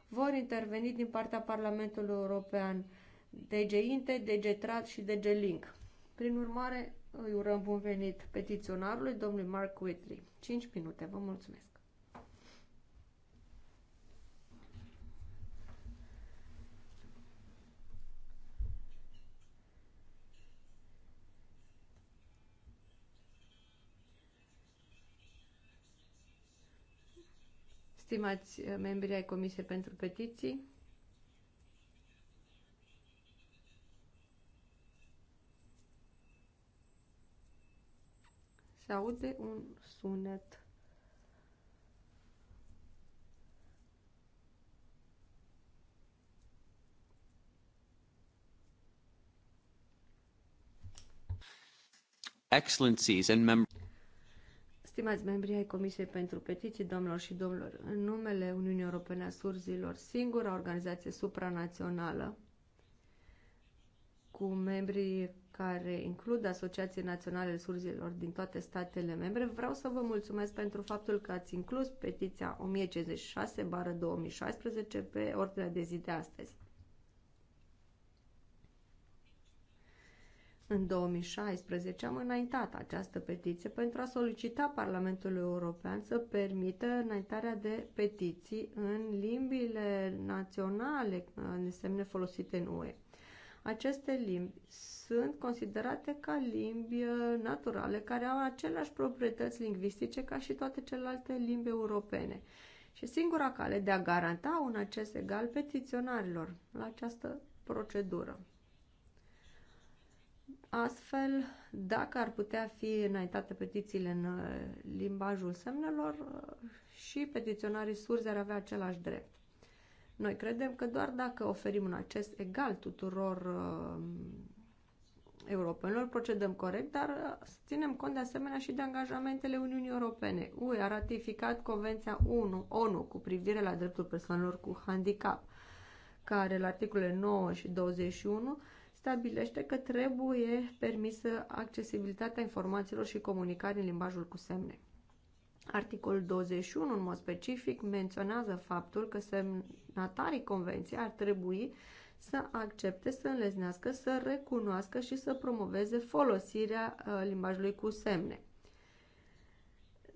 vor interveni din partea Parlamentului European DG Inte, DG Trat și DG Link. Prin urmare, îi urăm bun venit petiționarului, domnului Mark Whitley. 5 minute, vă mulțumesc. Stimați membri ai Comisiei pentru Petiții, Se aude un sunet. Excellencies and members. Stimați membri ai Comisiei pentru Petiții, domnilor și domnilor, în numele Uniunii Europene a Surzilor, singura organizație supranațională cu membrii care includ Asociații Naționale Surzilor din toate statele membre, vreau să vă mulțumesc pentru faptul că ați inclus petiția 1056 2016 pe ordinea de zi de astăzi. În 2016 am înaintat această petiție pentru a solicita Parlamentului European să permită înaintarea de petiții în limbile naționale, în semne folosite în UE aceste limbi sunt considerate ca limbi uh, naturale, care au aceleași proprietăți lingvistice ca și toate celelalte limbi europene. Și singura cale de a garanta un acces egal petiționarilor la această procedură. Astfel, dacă ar putea fi înaintate petițiile în uh, limbajul semnelor, uh, și petiționarii surzi ar avea același drept. Noi credem că doar dacă oferim un acces egal tuturor uh, europenilor, procedăm corect, dar uh, ținem cont de asemenea și de angajamentele Uniunii Europene. UE a ratificat Convenția 1 ONU cu privire la dreptul persoanelor cu handicap, care la articolele 9 și 21 stabilește că trebuie permisă accesibilitatea informațiilor și comunicării în limbajul cu semne. Articolul 21, în mod specific, menționează faptul că semn semnatarii convenției ar trebui să accepte, să înleznească, să recunoască și să promoveze folosirea uh, limbajului cu semne.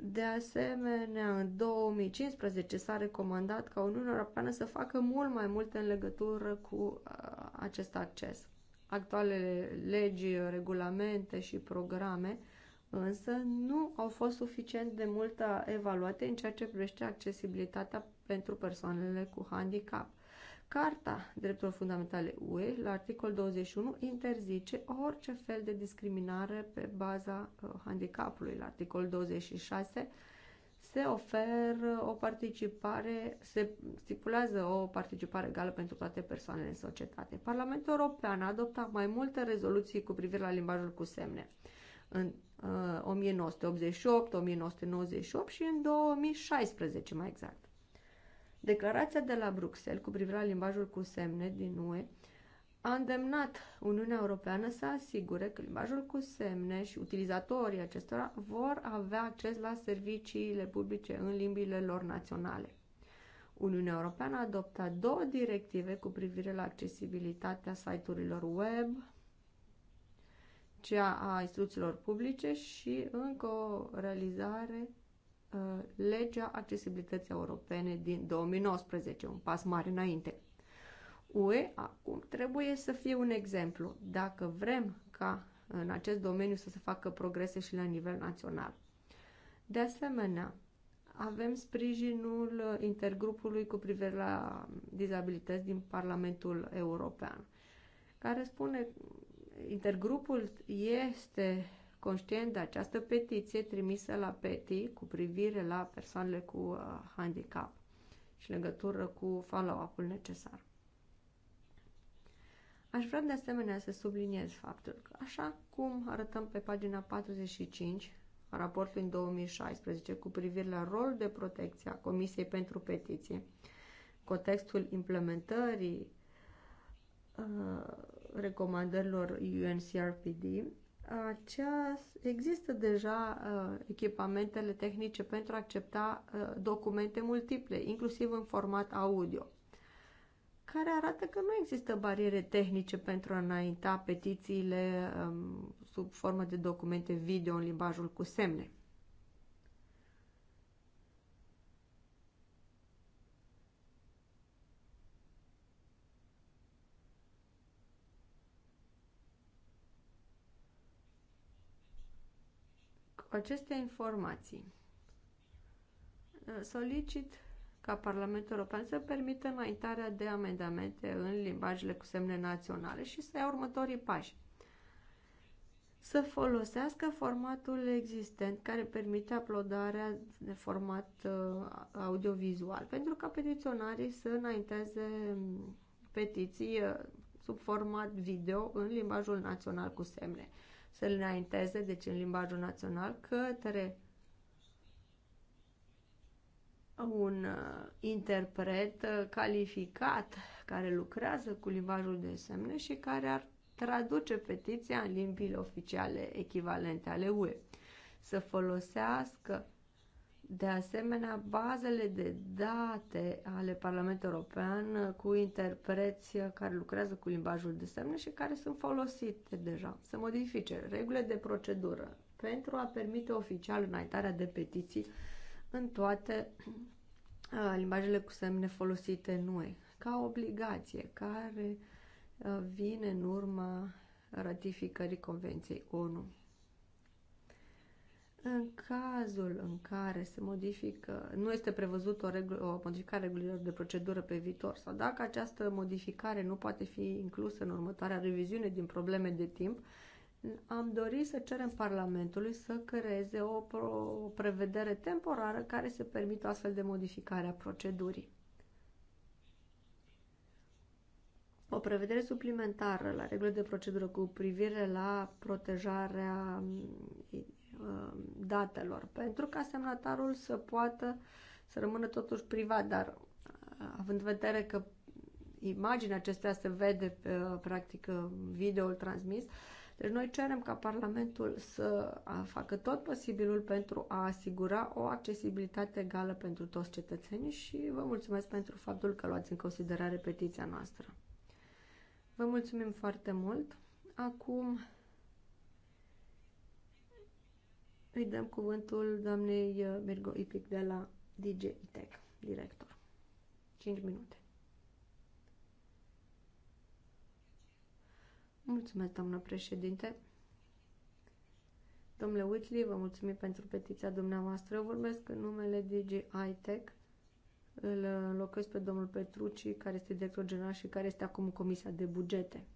De asemenea, în 2015 s-a recomandat ca Uniunea Europeană să facă mult mai multe în legătură cu uh, acest acces. Actualele legi, regulamente și programe însă nu au fost suficient de mult uh, evaluate în ceea ce privește accesibilitatea pentru persoanele cu handicap. Carta Drepturilor Fundamentale UE, la articol 21, interzice orice fel de discriminare pe baza uh, handicapului. La articol 26 se oferă o participare, se stipulează o participare egală pentru toate persoanele în societate. Parlamentul European a adoptat mai multe rezoluții cu privire la limbajul cu semne în uh, 1988, 1998 și în 2016 mai exact. Declarația de la Bruxelles cu privire la limbajul cu semne din UE a îndemnat Uniunea Europeană să asigure că limbajul cu semne și utilizatorii acestora vor avea acces la serviciile publice în limbile lor naționale. Uniunea Europeană a adoptat două directive cu privire la accesibilitatea site-urilor web, cea a instituțiilor publice și încă o realizare Uh, legea accesibilității europene din 2019, un pas mare înainte. UE acum trebuie să fie un exemplu dacă vrem ca în acest domeniu să se facă progrese și la nivel național. De asemenea, avem sprijinul intergrupului cu privire la dizabilități din Parlamentul European, care spune intergrupul este conștient de această petiție trimisă la PETI cu privire la persoanele cu uh, handicap și legătură cu follow-up-ul necesar. Aș vrea de asemenea să subliniez faptul că, așa cum arătăm pe pagina 45 a raportului în 2016 cu privire la rolul de protecție a Comisiei pentru Petiție, contextul implementării uh, recomandărilor UNCRPD, Aceast... există deja uh, echipamentele tehnice pentru a accepta uh, documente multiple, inclusiv în format audio, care arată că nu există bariere tehnice pentru a înainta petițiile um, sub formă de documente video în limbajul cu semne. aceste informații, uh, solicit ca Parlamentul European să permită înaintarea de amendamente în limbajele cu semne naționale și să ia următorii pași. Să folosească formatul existent care permite uploadarea de format uh, audiovizual, pentru ca petiționarii să înainteze um, petiții uh, sub format video în limbajul național cu semne să le înainteze, deci în limbajul național, către un uh, interpret uh, calificat care lucrează cu limbajul de semne și care ar traduce petiția în limbile oficiale echivalente ale UE. Să folosească de asemenea, bazele de date ale Parlamentului European uh, cu interpreți uh, care lucrează cu limbajul de semne și care sunt folosite deja. Să modifice regulile de procedură pentru a permite oficial înaintarea de petiții în toate uh, limbajele cu semne folosite în UE, ca obligație care vine în urma ratificării Convenției ONU. În cazul în care se modifică, nu este prevăzută o, o modificare regulilor de procedură pe viitor sau dacă această modificare nu poate fi inclusă în următoarea reviziune din probleme de timp, am dorit să cerem Parlamentului să creeze o, o prevedere temporară care să permită astfel de modificare a procedurii. O prevedere suplimentară la regulile de procedură cu privire la protejarea Uh, datelor, pentru ca semnatarul să poată să rămână totuși privat, dar uh, având în vedere că imaginea acestea se vede pe, uh, practic, videoul transmis, deci noi cerem ca Parlamentul să facă tot posibilul pentru a asigura o accesibilitate egală pentru toți cetățenii și vă mulțumesc pentru faptul că luați în considerare petiția noastră. Vă mulțumim foarte mult. Acum îi dăm cuvântul doamnei Birgo uh, Ipic de la DJ Tech, director. 5 minute. Mulțumesc, doamnă președinte. Domnule Whitley, vă mulțumim pentru petiția dumneavoastră. Eu vorbesc în numele DJ ITEC. Îl locuiesc pe domnul Petrucci, care este director general și care este acum Comisia de Bugete.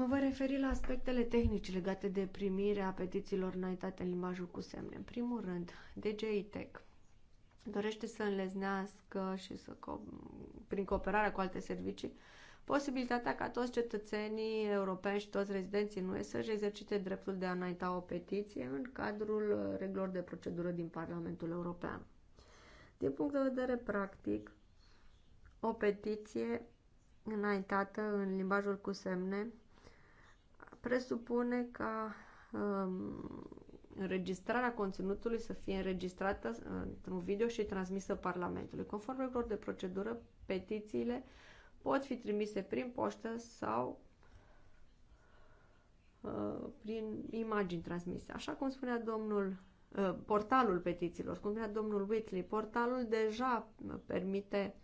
Mă voi referi la aspectele tehnice legate de primirea petițiilor înaintate în limbajul cu semne. În primul rând, DJI Tech dorește să înleznească și să, prin cooperarea cu alte servicii, posibilitatea ca toți cetățenii europeni și toți rezidenții nu să-și exercite dreptul de a înainta o petiție în cadrul reglor de procedură din Parlamentul European. Din punct de vedere practic, o petiție înaintată în limbajul cu semne presupune ca um, înregistrarea conținutului să fie înregistrată uh, într-un video și transmisă Parlamentului. Conform regulilor de procedură, petițiile pot fi trimise prin poștă sau uh, prin imagini transmise. Așa cum spunea domnul uh, portalul petițiilor, cum spunea domnul Whitley, portalul deja permite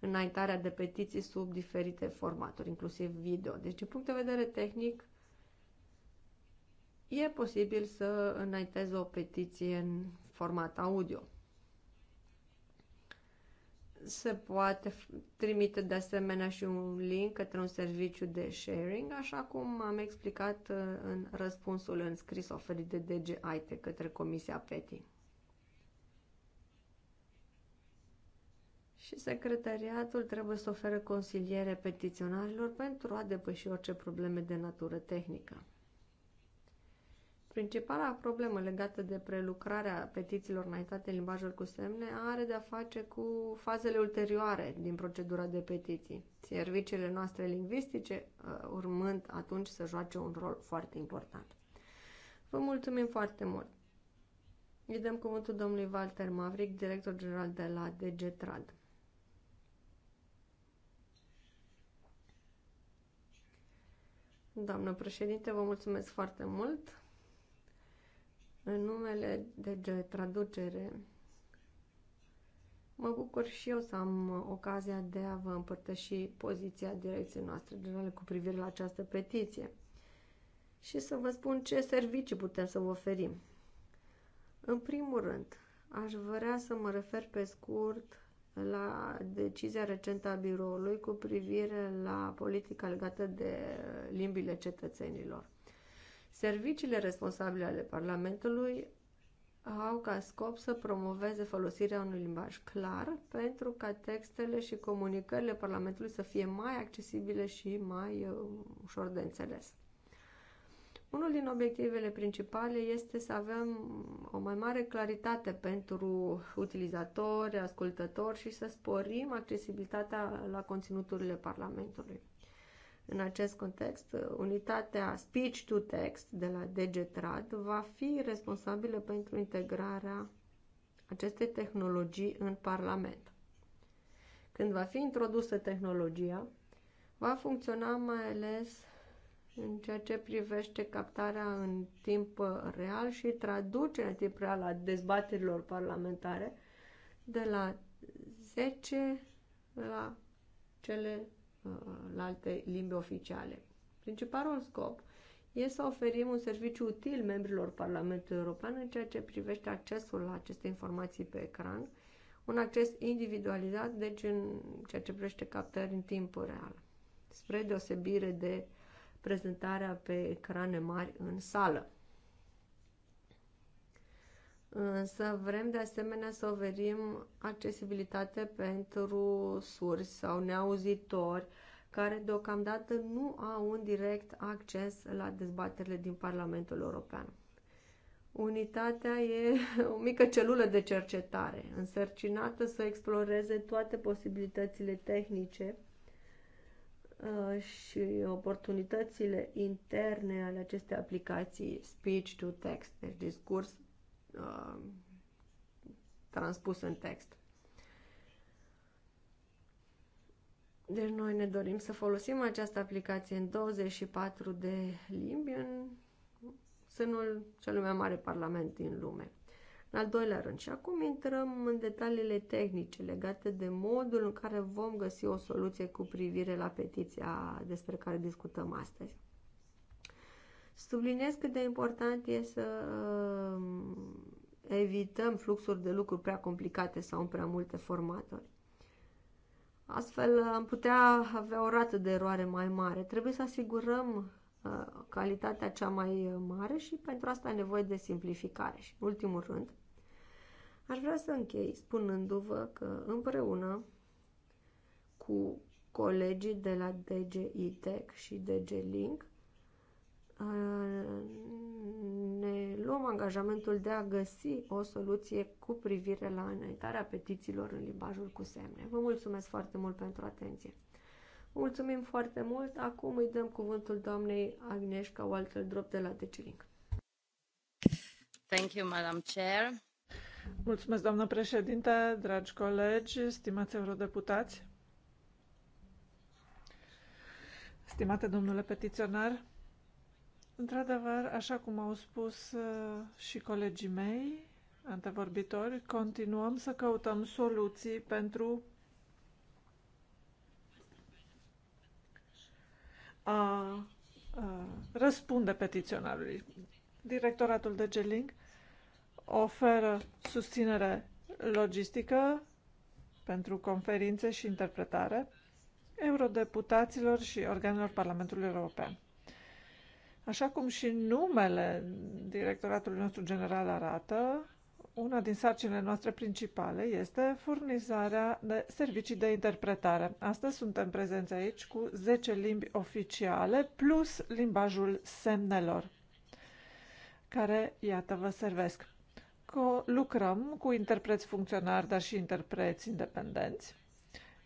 înaintarea de petiții sub diferite formaturi, inclusiv video. Deci, din punct de vedere tehnic, e posibil să înaintezi o petiție în format audio. Se poate trimite de asemenea și un link către un serviciu de sharing, așa cum am explicat uh, în răspunsul în scris oferit de DG AITE către Comisia PETI. Și secretariatul trebuie să ofere consiliere petiționarilor pentru a depăși orice probleme de natură tehnică. Principala problemă legată de prelucrarea petițiilor înaintate în limbajul cu semne are de-a face cu fazele ulterioare din procedura de petiții, serviciile noastre lingvistice uh, urmând atunci să joace un rol foarte important. Vă mulțumim foarte mult! Îi dăm cuvântul domnului Walter Mavric, director general de la DGTRAD. Doamnă președinte, vă mulțumesc foarte mult! în numele DG Traducere. Mă bucur și eu să am ocazia de a vă împărtăși poziția direcției noastre generale cu privire la această petiție și să vă spun ce servicii putem să vă oferim. În primul rând, aș vrea să mă refer pe scurt la decizia recentă a biroului cu privire la politica legată de limbile cetățenilor. Serviciile responsabile ale Parlamentului au ca scop să promoveze folosirea unui limbaj clar pentru ca textele și comunicările Parlamentului să fie mai accesibile și mai uh, ușor de înțeles. Unul din obiectivele principale este să avem o mai mare claritate pentru utilizatori, ascultători și să sporim accesibilitatea la conținuturile Parlamentului. În acest context, unitatea Speech to Text de la DGTRAD va fi responsabilă pentru integrarea acestei tehnologii în Parlament. Când va fi introdusă tehnologia, va funcționa mai ales în ceea ce privește captarea în timp real și traducerea în timp real a dezbaterilor parlamentare de la 10 la cele Uh, la alte limbi oficiale. Principalul scop e să oferim un serviciu util membrilor Parlamentului European în ceea ce privește accesul la aceste informații pe ecran, un acces individualizat, deci în ceea ce privește captări în timp real, spre deosebire de prezentarea pe ecrane mari în sală. Însă vrem de asemenea să oferim accesibilitate pentru surzi sau neauzitori care deocamdată nu au un direct acces la dezbaterile din Parlamentul European. Unitatea e o mică celulă de cercetare, însărcinată să exploreze toate posibilitățile tehnice uh, și oportunitățile interne ale acestei aplicații speech to text, deci discurs Uh, transpus în text. Deci noi ne dorim să folosim această aplicație în 24 de limbi în sânul cel mai mare parlament din lume. În al doilea rând, și acum intrăm în detaliile tehnice legate de modul în care vom găsi o soluție cu privire la petiția despre care discutăm astăzi. Subliniez cât de important e să um, evităm fluxuri de lucruri prea complicate sau în prea multe formatori. Astfel am putea avea o rată de eroare mai mare. Trebuie să asigurăm uh, calitatea cea mai mare și pentru asta e nevoie de simplificare. Și în ultimul rând, aș vrea să închei spunându-vă că împreună cu colegii de la DGI Tech și DG Link ne luăm angajamentul de a găsi o soluție cu privire la înaintarea petițiilor în limbajul cu semne. Vă mulțumesc foarte mult pentru atenție. Mulțumim foarte mult. Acum îi dăm cuvântul doamnei Agneșca Walter Drop de la Decilink. Thank you, Madam Chair. Mulțumesc, doamnă președinte, dragi colegi, stimați eurodeputați. Stimate domnule petiționar, Într-adevăr, așa cum au spus uh, și colegii mei, antevorbitori, continuăm să căutăm soluții pentru a, a răspunde petiționarului. Directoratul de Geling oferă susținere logistică pentru conferințe și interpretare eurodeputaților și organelor Parlamentului European. Așa cum și numele directoratului nostru general arată, una din sarcinile noastre principale este furnizarea de servicii de interpretare. Astăzi suntem prezenți aici cu 10 limbi oficiale plus limbajul semnelor, care, iată, vă servesc. lucrăm cu interpreți funcționari, dar și interpreți independenți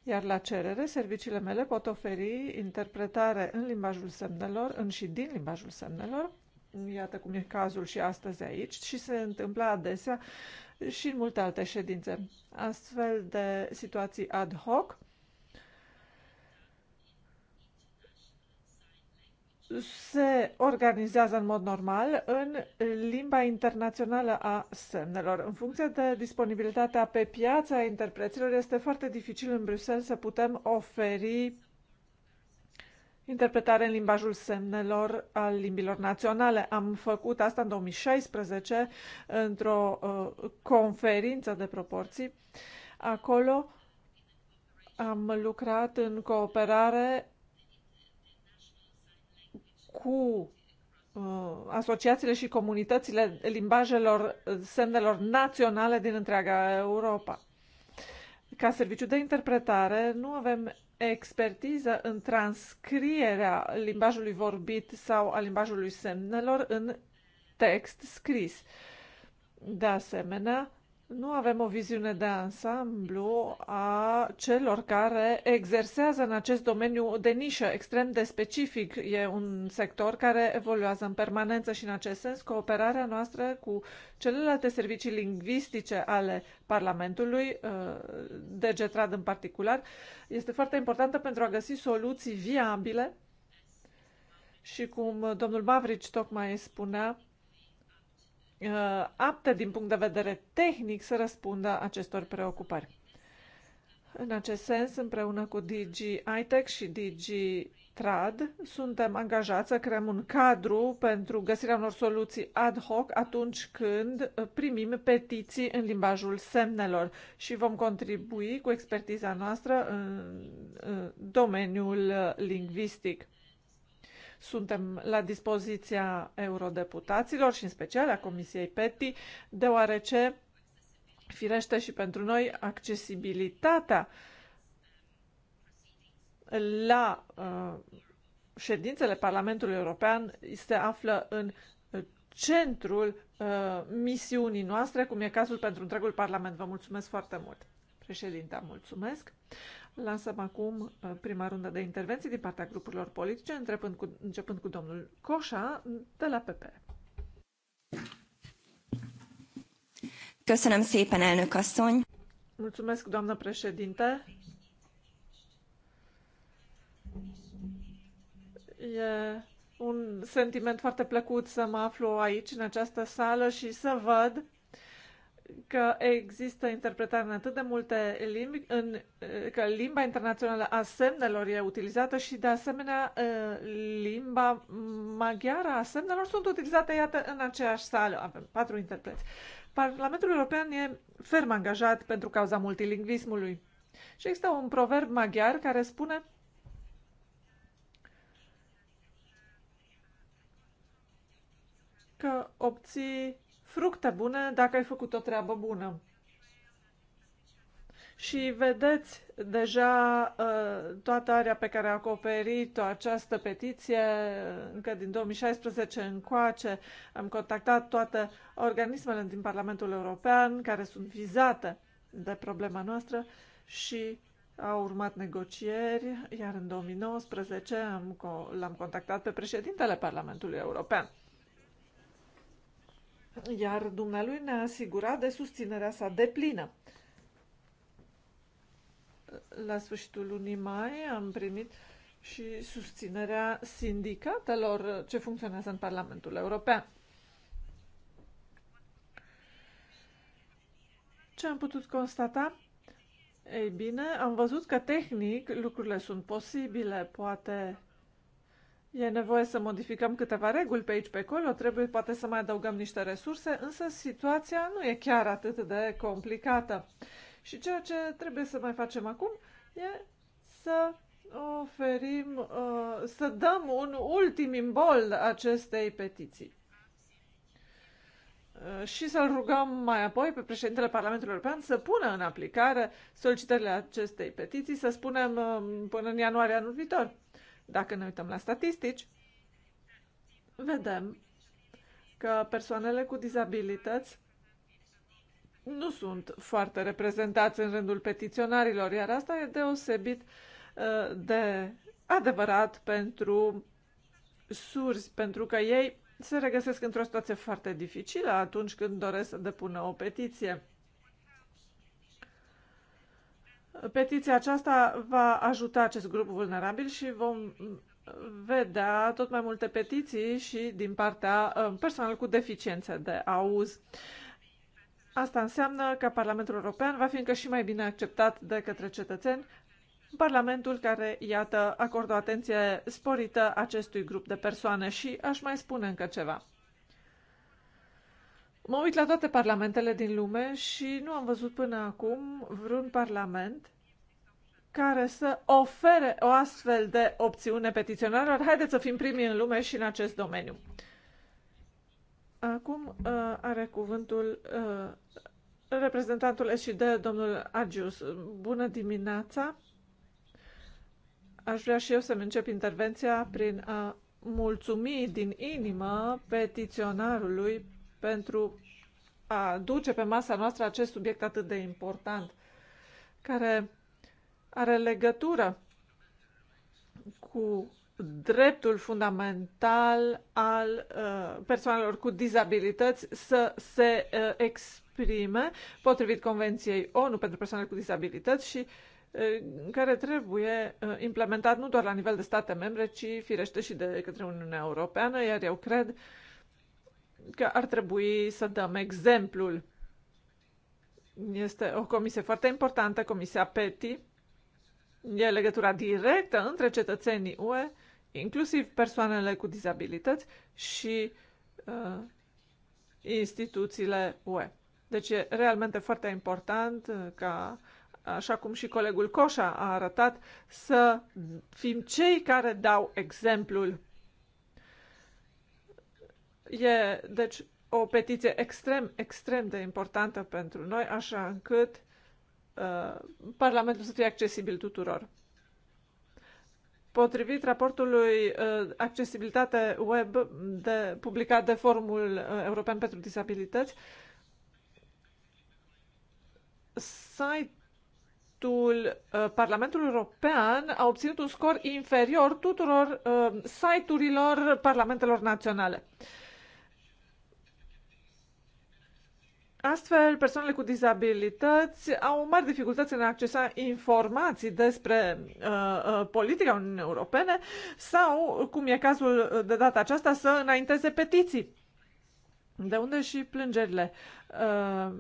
iar la cerere serviciile mele pot oferi interpretare în limbajul semnelor, în și din limbajul semnelor, iată cum e cazul și astăzi aici, și se întâmplă adesea și în multe alte ședințe. Astfel de situații ad hoc se organizează în mod normal în limba internațională a semnelor. În funcție de disponibilitatea pe piața interpreților, este foarte dificil în Bruxelles să putem oferi interpretare în limbajul semnelor al limbilor naționale. Am făcut asta în 2016 într-o uh, conferință de proporții. Acolo am lucrat în cooperare cu uh, asociațiile și comunitățile limbajelor uh, semnelor naționale din întreaga Europa. Ca serviciu de interpretare nu avem expertiză în transcrierea limbajului vorbit sau a limbajului semnelor în text scris. De asemenea, nu avem o viziune de ansamblu a celor care exersează în acest domeniu de nișă extrem de specific. E un sector care evoluează în permanență și în acest sens cooperarea noastră cu celelalte servicii lingvistice ale Parlamentului, uh, de Getrad în particular, este foarte importantă pentru a găsi soluții viabile și cum domnul Mavrici tocmai spunea, Uh, aptă din punct de vedere tehnic să răspundă acestor preocupări. În acest sens, împreună cu Digi ITEC și Digi Trad, suntem angajați să creăm un cadru pentru găsirea unor soluții ad hoc atunci când primim petiții în limbajul semnelor și vom contribui cu expertiza noastră în domeniul lingvistic. Suntem la dispoziția eurodeputaților și în special a Comisiei PETI, deoarece, firește și pentru noi, accesibilitatea la uh, ședințele Parlamentului European se află în centrul uh, misiunii noastre, cum e cazul pentru întregul Parlament. Vă mulțumesc foarte mult. Președinte, mulțumesc. Lansăm acum uh, prima rundă de intervenții din partea grupurilor politice, începând cu, începând cu domnul Coșa de la PP. Köszönöm szépen, elnök asszony! Mulțumesc, doamnă președinte! E un sentiment foarte plăcut să mă aflu aici, în această sală, și să văd că există interpretare în atât de multe limbi, în, eh, că limba internațională a semnelor e utilizată și, de asemenea, eh, limba maghiară a semnelor sunt utilizate, iată, în aceeași sală. Avem patru interpreți. Parlamentul European e ferm angajat pentru cauza multilingvismului. Și există un proverb maghiar care spune că obții fructe bune dacă ai făcut o treabă bună. Și vedeți deja uh, toată area pe care a acoperit-o această petiție încă din 2016 încoace. Am contactat toate organismele din Parlamentul European care sunt vizate de problema noastră și au urmat negocieri, iar în 2019 am, l-am contactat pe președintele Parlamentului European iar dumnealui ne-a asigurat de susținerea sa deplină. La sfârșitul lunii mai am primit și susținerea sindicatelor ce funcționează în Parlamentul European. Ce am putut constata? Ei bine, am văzut că tehnic lucrurile sunt posibile, poate E nevoie să modificăm câteva reguli pe aici, pe acolo, trebuie poate să mai adăugăm niște resurse, însă situația nu e chiar atât de complicată. Și ceea ce trebuie să mai facem acum e să oferim, uh, să dăm un ultim imbol acestei petiții uh, și să-l rugăm mai apoi pe președintele Parlamentului European să pună în aplicare solicitările acestei petiții, să spunem uh, până în ianuarie anul viitor. Dacă ne uităm la statistici, vedem că persoanele cu dizabilități nu sunt foarte reprezentați în rândul petiționarilor, iar asta e deosebit uh, de adevărat pentru surzi, pentru că ei se regăsesc într-o situație foarte dificilă atunci când doresc să depună o petiție. Petiția aceasta va ajuta acest grup vulnerabil și vom vedea tot mai multe petiții și din partea uh, personal cu deficiențe de auz. Asta înseamnă că Parlamentul European va fi încă și mai bine acceptat de către cetățeni, Parlamentul care, iată, acordă o atenție sporită acestui grup de persoane și aș mai spune încă ceva. Mă uit la toate parlamentele din lume și nu am văzut până acum vreun parlament care să ofere o astfel de opțiune petiționarilor. Haideți să fim primii în lume și în acest domeniu. Acum uh, are cuvântul uh, reprezentantul SD, domnul Agius. Bună dimineața! Aș vrea și eu să-mi încep intervenția prin a mulțumi din inimă petiționarului pentru a duce pe masa noastră acest subiect atât de important, care are legătură cu dreptul fundamental al uh, persoanelor cu dizabilități să se uh, exprime potrivit Convenției ONU pentru persoanele cu dizabilități și uh, care trebuie uh, implementat nu doar la nivel de state membre, ci firește și de către Uniunea Europeană, iar eu cred uh, că ar trebui să dăm exemplul. Este o comisie foarte importantă, Comisia PETI. E legătura directă între cetățenii UE, inclusiv persoanele cu dizabilități și uh, instituțiile UE. Deci e realmente foarte important uh, ca, așa cum și colegul Coșa a arătat, să fim cei care dau exemplul E, deci, o petiție extrem, extrem de importantă pentru noi, așa încât uh, Parlamentul să fie accesibil tuturor. Potrivit raportului uh, Accesibilitate Web de, publicat de Forumul uh, European pentru Disabilități, site-ul uh, Parlamentului European a obținut un scor inferior tuturor uh, site-urilor parlamentelor naționale. Uh, Astfel, persoanele cu dizabilități au mari dificultăți în a accesa informații despre uh, uh, politica Uniunii Europene sau, cum e cazul de data aceasta, să înainteze petiții. De unde și plângerile. Uh,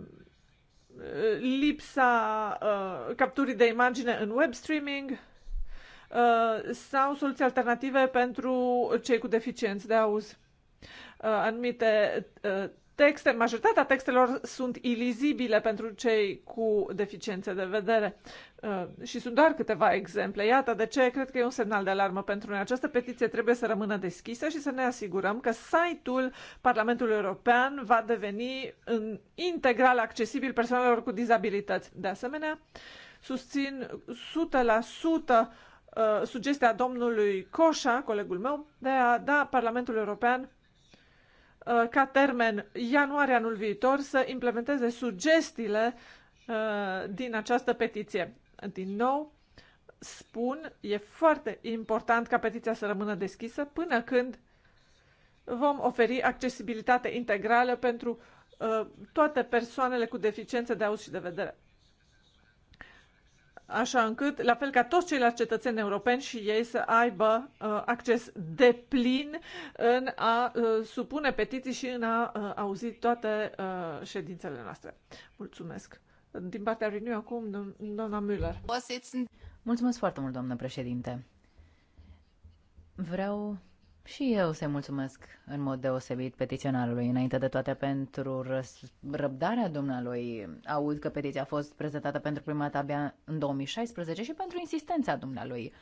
lipsa uh, capturii de imagine în web streaming uh, sau soluții alternative pentru cei cu deficienți de auz. Uh, anumite uh, texte, majoritatea textelor sunt ilizibile pentru cei cu deficiențe de vedere. Uh, și sunt doar câteva exemple. Iată de ce cred că e un semnal de alarmă pentru noi. Această petiție trebuie să rămână deschisă și să ne asigurăm că site-ul Parlamentului European va deveni în integral accesibil persoanelor cu dizabilități. De asemenea, susțin 100% uh, sugestia domnului Coșa, colegul meu, de a da Parlamentul European Uh, ca termen ianuarie anul viitor să implementeze sugestiile uh, din această petiție. Din nou, spun, e foarte important ca petiția să rămână deschisă până când vom oferi accesibilitate integrală pentru uh, toate persoanele cu deficiențe de auz și de vedere așa încât, la fel ca toți ceilalți cetățeni europeni și ei să aibă uh, acces de plin în a uh, supune petiții și în a uh, auzi toate uh, ședințele noastre. Mulțumesc. Din partea Renew acum, doamna Müller. Mulțumesc foarte mult, doamnă președinte. Vreau și eu se mulțumesc în mod deosebit petiționarului, înainte de toate pentru răbdarea dumnealui. Aud că petiția a fost prezentată pentru prima dată abia în 2016 și pentru insistența dumnealui.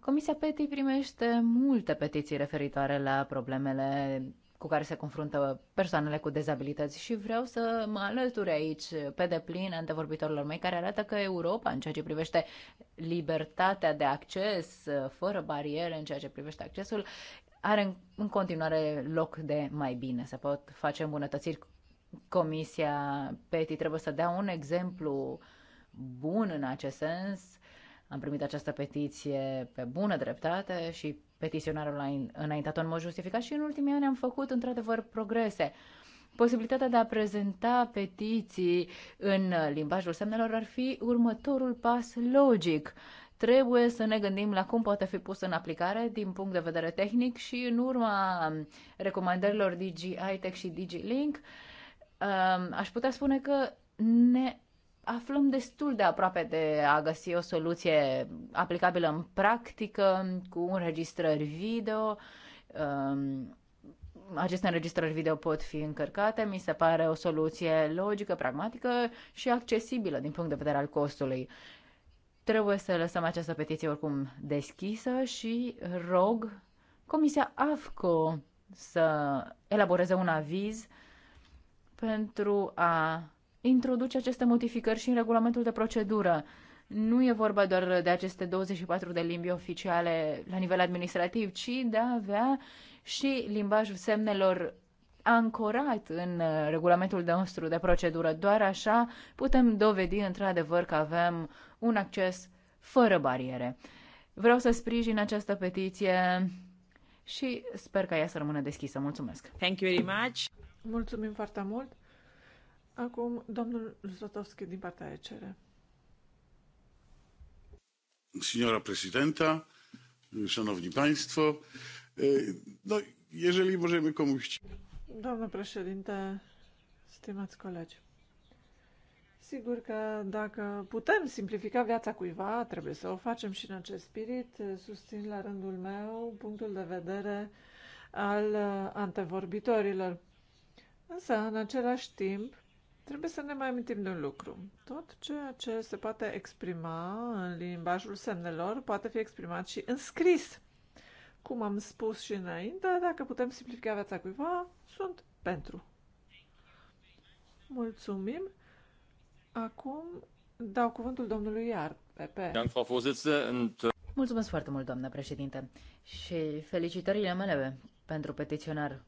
Comisia PETI primește multe petiții referitoare la problemele cu care se confruntă persoanele cu dezabilități și vreau să mă alături aici pe deplin antevorbitorilor mei care arată că Europa, în ceea ce privește libertatea de acces, fără bariere în ceea ce privește accesul, are în continuare loc de mai bine. Se pot face îmbunătățiri. Comisia PETI trebuie să dea un exemplu bun în acest sens. Am primit această petiție pe bună dreptate și petiționarul a înaintat-o în mod justificat și în ultimii ani am făcut într-adevăr progrese. Posibilitatea de a prezenta petiții în limbajul semnelor ar fi următorul pas logic. Trebuie să ne gândim la cum poate fi pus în aplicare din punct de vedere tehnic și în urma recomandărilor DG ITech și Digilink, um, aș putea spune că ne aflăm destul de aproape de a găsi o soluție aplicabilă în practică cu înregistrări video. Um, aceste înregistrări video pot fi încărcate, mi se pare o soluție logică, pragmatică și accesibilă din punct de vedere al costului. Trebuie să lăsăm această petiție oricum deschisă și rog Comisia AFCO să elaboreze un aviz pentru a introduce aceste modificări și în regulamentul de procedură. Nu e vorba doar de aceste 24 de limbi oficiale la nivel administrativ, ci de a avea și limbajul semnelor ancorat în uh, regulamentul nostru de procedură. Doar așa putem dovedi într-adevăr că avem un acces fără bariere. Vreau să sprijin această petiție și sper ca ea să rămână deschisă. Mulțumesc! Thank you very much! Mulțumim foarte mult! Acum, domnul Zlotovski din partea ECR. Signora Prezydenta, Szanowni Państwo, no, jeżeli możemy komuś... Domnul președinte, stimați colegi, sigur că dacă putem simplifica viața cuiva, trebuie să o facem și în acest spirit. Susțin la rândul meu punctul de vedere al antevorbitorilor. Însă, în același timp, Trebuie să ne mai amintim de un lucru. Tot ceea ce se poate exprima în limbajul semnelor poate fi exprimat și în scris. Cum am spus și înainte, dacă putem simplifica viața cuiva, sunt pentru. Mulțumim. Acum dau cuvântul domnului Iar. Pepe. Äh, Mulțumesc foarte mult, doamnă președinte, și felicitările mele pentru petiționar.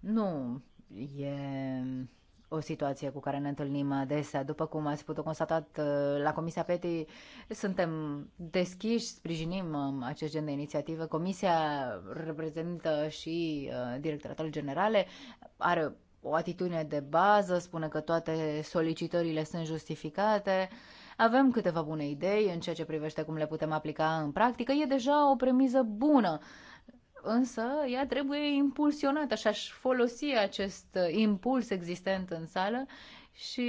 Nu e o situație cu care ne întâlnim adesea. După cum ați putut constatat uh, la Comisia PETI, suntem deschiși, sprijinim um, acest gen de inițiative. Comisia reprezintă și uh, directoratele generale, are o atitudine de bază, spune că toate solicitările sunt justificate. Avem câteva bune idei în ceea ce privește cum le putem aplica în practică. E deja o premiză bună însă ea trebuie impulsionată și aș folosi acest uh, impuls existent în sală și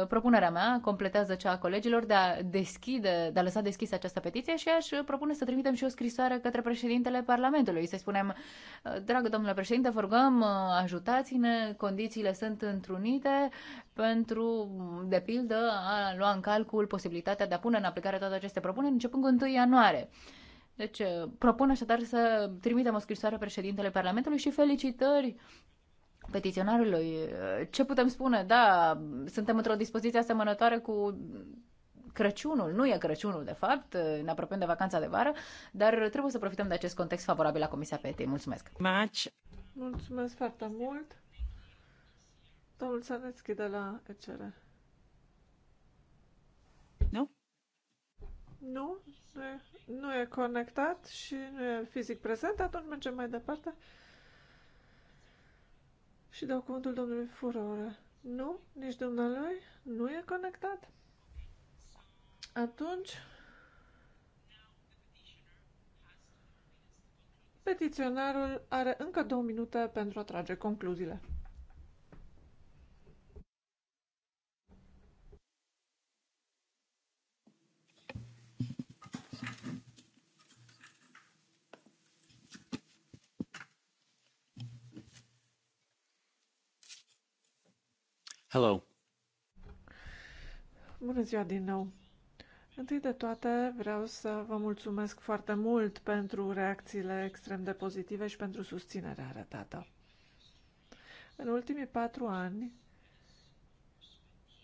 uh, propunerea mea completează cea a colegilor de a deschide, de a lăsa deschisă această petiție și aș uh, propune să trimitem și o scrisoare către președintele Parlamentului. Să spunem, uh, dragă domnule președinte, vă rugăm, ajutați-ne, condițiile sunt întrunite pentru, de pildă, a lua în calcul posibilitatea de a pune în aplicare toate aceste propuneri începând cu 1 ianuarie. Uh, deci, uh, propun așadar să trimitem o scrisoare președintele Parlamentului și felicitări petiționarului. Uh, ce putem spune? Da, suntem într-o dispoziție asemănătoare cu Crăciunul, nu e Crăciunul de fapt, uh, ne apropiem de vacanța de vară, dar trebuie să profităm de acest context favorabil la Comisia Petei. Mulțumesc! Match. Mulțumesc foarte mult! Domnul Sanețchi de la ECR. Nu? Nu? Nu e nu e conectat și nu e fizic prezent, atunci mergem mai departe. Și dau cuvântul domnului Furoră. Nu, nici dumnealui nu e conectat. Atunci, petiționarul are încă două minute pentru a trage concluziile. Hello. Bună ziua din nou. Întâi de toate, vreau să vă mulțumesc foarte mult pentru reacțiile extrem de pozitive și pentru susținerea arătată. În ultimii patru ani,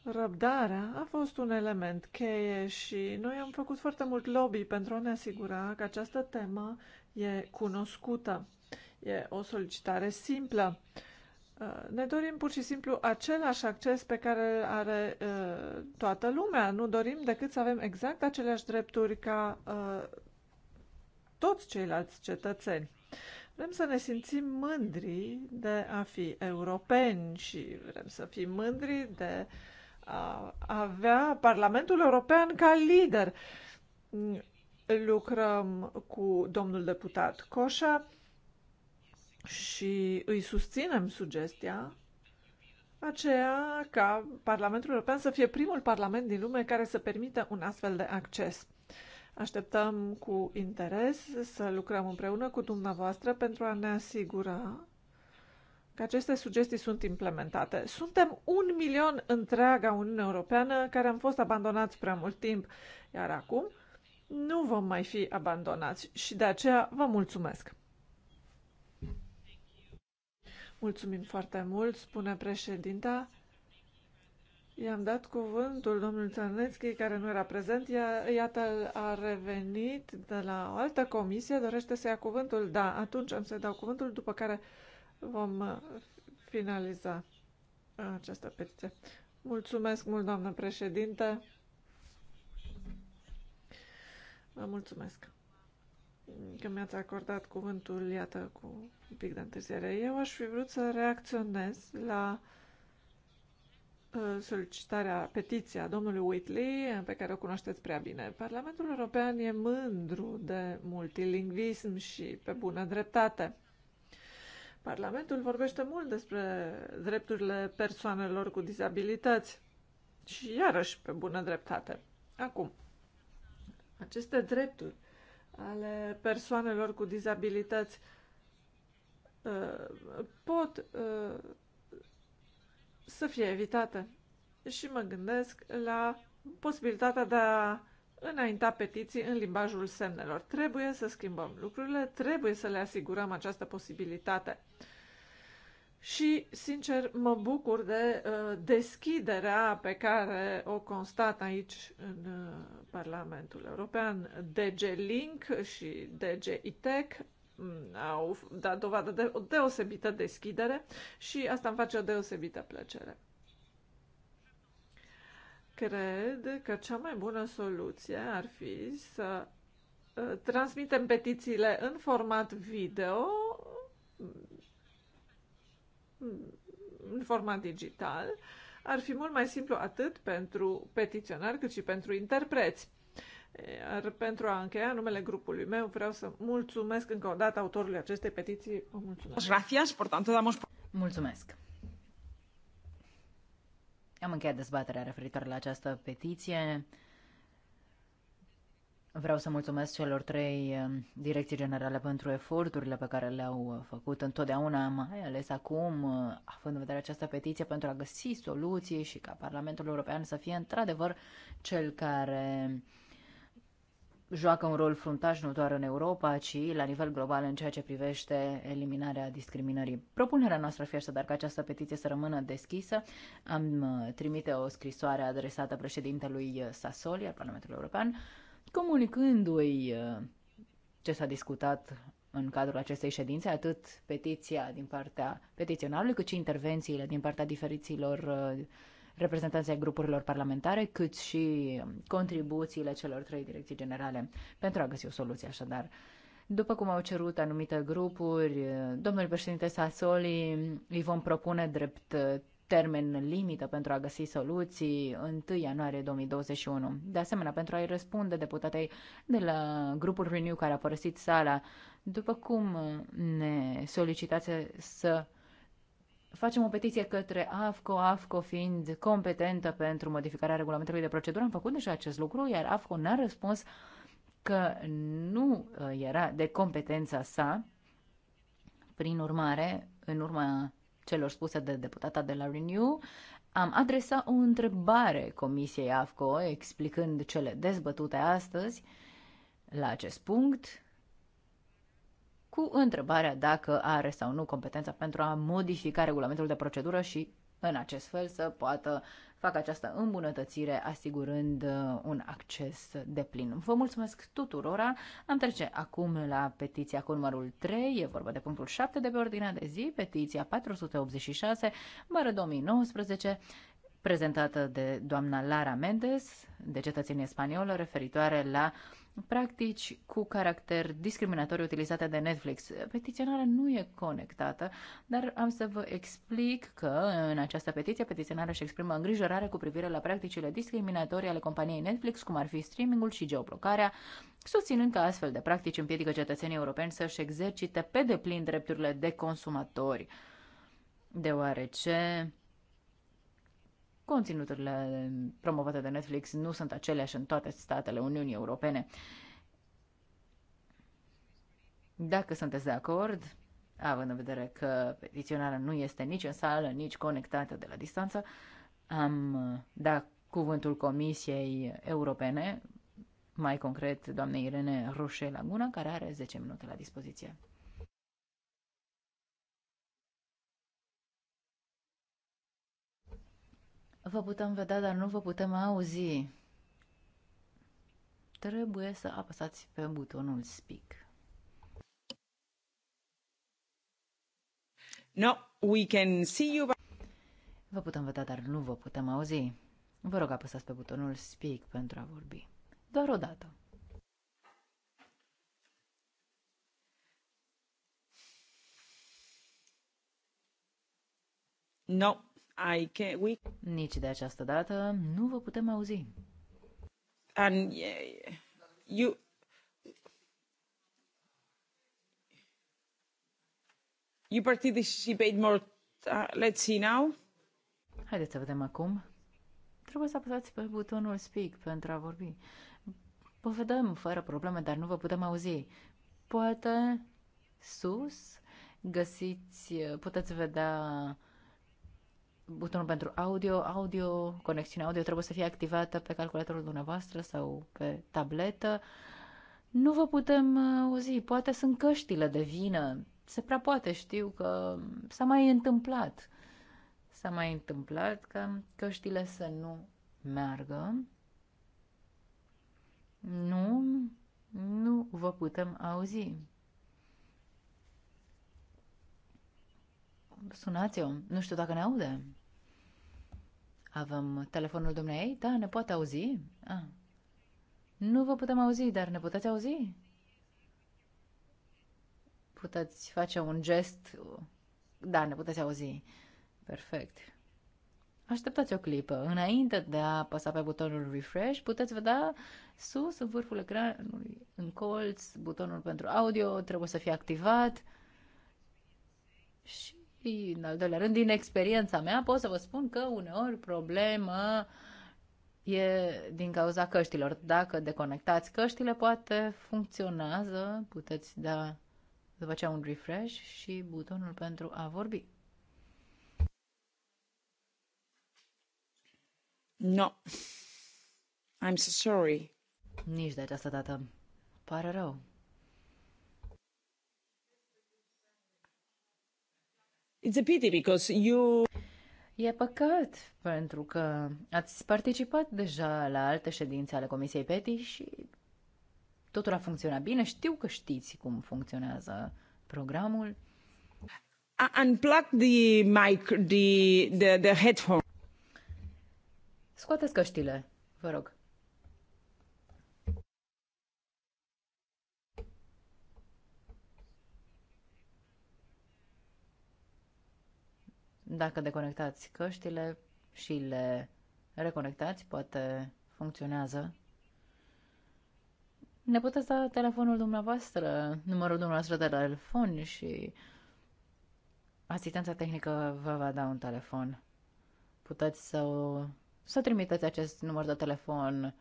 Răbdarea a fost un element cheie și noi am făcut foarte mult lobby pentru a ne asigura că această temă e cunoscută. E o solicitare simplă Uh, ne dorim pur și simplu același acces pe care are uh, toată lumea. Nu dorim decât să avem exact aceleași drepturi ca uh, toți ceilalți cetățeni. Vrem să ne simțim mândri de a fi europeni și vrem să fim mândri de a avea Parlamentul European ca lider. Lucrăm cu domnul deputat Coșa și îi susținem sugestia aceea ca Parlamentul European să fie primul parlament din lume care să permită un astfel de acces. Așteptăm cu interes să lucrăm împreună cu dumneavoastră pentru a ne asigura că aceste sugestii sunt implementate. Suntem un milion întreaga Uniune Europeană care am fost abandonați prea mult timp, iar acum nu vom mai fi abandonați și de aceea vă mulțumesc. Mulțumim foarte mult, spune președinta. I-am dat cuvântul domnului Țărnețchi, care nu era prezent. Ia, iată, a revenit de la o altă comisie, dorește să ia cuvântul. Da, atunci am să dau cuvântul, după care vom finaliza această petiție. Mulțumesc mult, doamnă președinte. Vă mulțumesc că mi-ați acordat cuvântul, iată, cu un pic de întârziere. Eu aș fi vrut să reacționez la uh, solicitarea, petiția domnului Whitley, pe care o cunoașteți prea bine. Parlamentul European e mândru de multilingvism și pe bună dreptate. Parlamentul vorbește mult despre drepturile persoanelor cu dizabilități și iarăși pe bună dreptate. Acum, aceste drepturi ale persoanelor cu dizabilități uh, pot uh, să fie evitate. Și mă gândesc la posibilitatea de a înainta petiții în limbajul semnelor. Trebuie să schimbăm lucrurile, trebuie să le asigurăm această posibilitate și, sincer, mă bucur de uh, deschiderea pe care o constat aici în uh, Parlamentul European. DG Link și DG ITEC mm, au dat dovadă de o deosebită deschidere și asta îmi face o deosebită plăcere. Cred că cea mai bună soluție ar fi să uh, transmitem petițiile în format video în format digital, ar fi mult mai simplu atât pentru petiționari cât și pentru interpreți. Iar pentru a încheia numele grupului meu, vreau să mulțumesc încă o dată autorului acestei petiții. O mulțumesc. Gracias, por tanto damos... Mulțumesc. Am încheiat dezbaterea referitor la această petiție. Vreau să mulțumesc celor trei um, direcții generale pentru eforturile pe care le-au uh, făcut întotdeauna, mai ales acum, uh, având în vedere această petiție, pentru a găsi soluții și ca Parlamentul European să fie într-adevăr cel care joacă un rol fruntaș nu doar în Europa, ci la nivel global în ceea ce privește eliminarea discriminării. Propunerea noastră ar fi așadar ca această petiție să rămână deschisă. Am uh, trimite o scrisoare adresată președintelui Sassoli al Parlamentului European comunicându-i uh, ce s-a discutat în cadrul acestei ședințe, atât petiția din partea petiționarului, cât și intervențiile din partea diferiților uh, reprezentanții ai grupurilor parlamentare, cât și contribuțiile celor trei direcții generale pentru a găsi o soluție așadar. După cum au cerut anumite grupuri, uh, domnul președinte Sassoli îi vom propune drept termen limită pentru a găsi soluții 1 ianuarie 2021. De asemenea, pentru a-i răspunde deputatei de la grupul Renew care a părăsit sala, după cum ne solicitați să facem o petiție către AFCO, AFCO fiind competentă pentru modificarea regulamentului de procedură, am făcut deja acest lucru, iar AFCO n-a răspuns că nu uh, era de competența sa. Prin urmare, în urma celor spuse de deputata de la Renew, am adresat o întrebare Comisiei AFCO explicând cele dezbătute astăzi la acest punct cu întrebarea dacă are sau nu competența pentru a modifica regulamentul de procedură și în acest fel să poată fac această îmbunătățire asigurând uh, un acces de plin. Vă mulțumesc tuturora. Am trece acum la petiția cu numărul 3, e vorba de punctul 7 de pe ordinea de zi, petiția 486, mără 2019, prezentată de doamna Lara Mendes, de cetățenie spaniolă, referitoare la uh, practici cu caracter discriminatoriu utilizate de Netflix. Petiționarea nu e conectată, dar am să vă explic că în această petiție petiționarea își exprimă îngrijorare cu privire la practicile discriminatorii ale companiei Netflix, cum ar fi streamingul și geoblocarea, susținând că astfel de practici împiedică cetățenii europeni să-și exercite pe deplin drepturile de consumatori, deoarece Conținuturile promovate de Netflix nu sunt aceleași în toate statele Uniunii Europene. Dacă sunteți de acord, având în vedere că petiționarea nu este nici în sală, nici conectată de la distanță, am dat cuvântul Comisiei Europene, mai concret doamnei Irene Roșe Laguna, care are 10 minute la dispoziție. Vă putem vedea, dar nu vă putem auzi. Trebuie să apăsați pe butonul speak. No, we can see you. Vă putem vedea, dar nu vă putem auzi. Vă rog apăsați pe butonul speak pentru a vorbi. Doar o dată. No, I can, we... Nici de această dată nu vă putem auzi. And you... You participate more... Uh, let's see now. Haideți să vedem acum. Trebuie să apăsați pe butonul speak pentru a vorbi. Vă vedem fără probleme, dar nu vă putem auzi. Poate sus găsiți, puteți vedea butonul pentru audio. Audio, conexiunea audio trebuie să fie activată pe calculatorul dumneavoastră sau pe tabletă. Nu vă putem uh, auzi, poate sunt căștile de vină. Se prea poate, știu că s-a mai întâmplat. S-a mai întâmplat că căștile să nu meargă. Nu, nu vă putem auzi. Sunați-o, nu știu dacă ne aude. Avem telefonul dumneei? Da, ne poate auzi? Ah. Nu vă putem auzi, dar ne puteți auzi? Puteți face un gest? Da, ne puteți auzi. Perfect. Așteptați o clipă. Înainte de a apăsa pe butonul refresh, puteți vedea sus, în vârful ecranului, în colț, butonul pentru audio trebuie să fie activat. Și și, în al doilea rând, din experiența mea, pot să vă spun că uneori problema e din cauza căștilor. Dacă deconectați căștile, poate funcționează, puteți da după aceea un refresh și butonul pentru a vorbi. No. I'm so sorry. Nici de această dată. Pare rău. It's a pity because you... E păcat, pentru că ați participat deja la alte ședințe ale Comisiei PETI și totul a funcționat bine. Știu că știți cum funcționează programul. unplug the mic, the, the, the headphone. Scoateți căștile, vă rog. Dacă deconectați căștile și le reconectați, poate funcționează. Ne puteți da telefonul dumneavoastră, numărul dumneavoastră de telefon și asistența tehnică vă va da un telefon. Puteți să, să trimiteți acest număr de telefon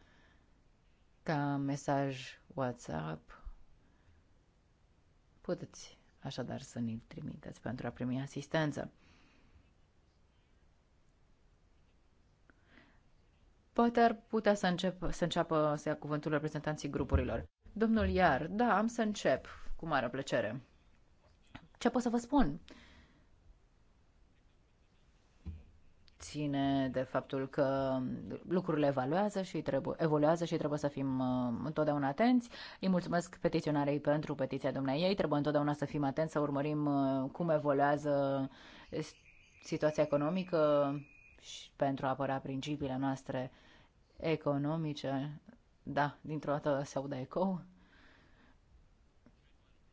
ca mesaj WhatsApp. Puteți așadar să ne trimiteți pentru a primi asistență. Poate ar putea să, încep, să înceapă să ia cuvântul reprezentanții grupurilor. Domnul Iar, da, am să încep, cu mare plăcere. Ce pot să vă spun? ține de faptul că lucrurile evaluează și trebuie, evoluează și trebuie să fim uh, întotdeauna atenți. Îi mulțumesc petiționarei pentru petiția dumneai ei. Trebuie întotdeauna să fim atenți, să urmărim uh, cum evoluează situația economică și pentru a apăra principiile noastre economice. Da, dintr-o dată se audă eco.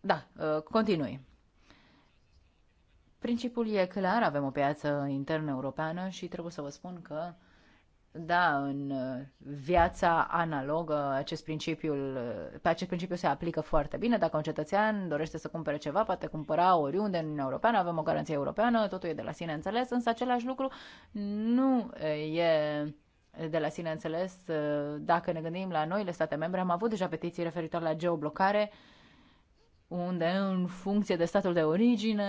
Da, uh, continui. Principiul e clar, avem o piață internă europeană și trebuie să vă spun că da, în uh, viața analogă acest principiul, uh, pe acest principiu se aplică foarte bine. Dacă un cetățean dorește să cumpere ceva, poate cumpăra oriunde în Uniunea Europeană, avem o garanție europeană, totul e de la sine înțeles, însă același lucru nu e de la sine înțeles. Uh, dacă ne gândim la noile state membre, am avut deja petiții referitoare la geoblocare, unde în funcție de statul de origine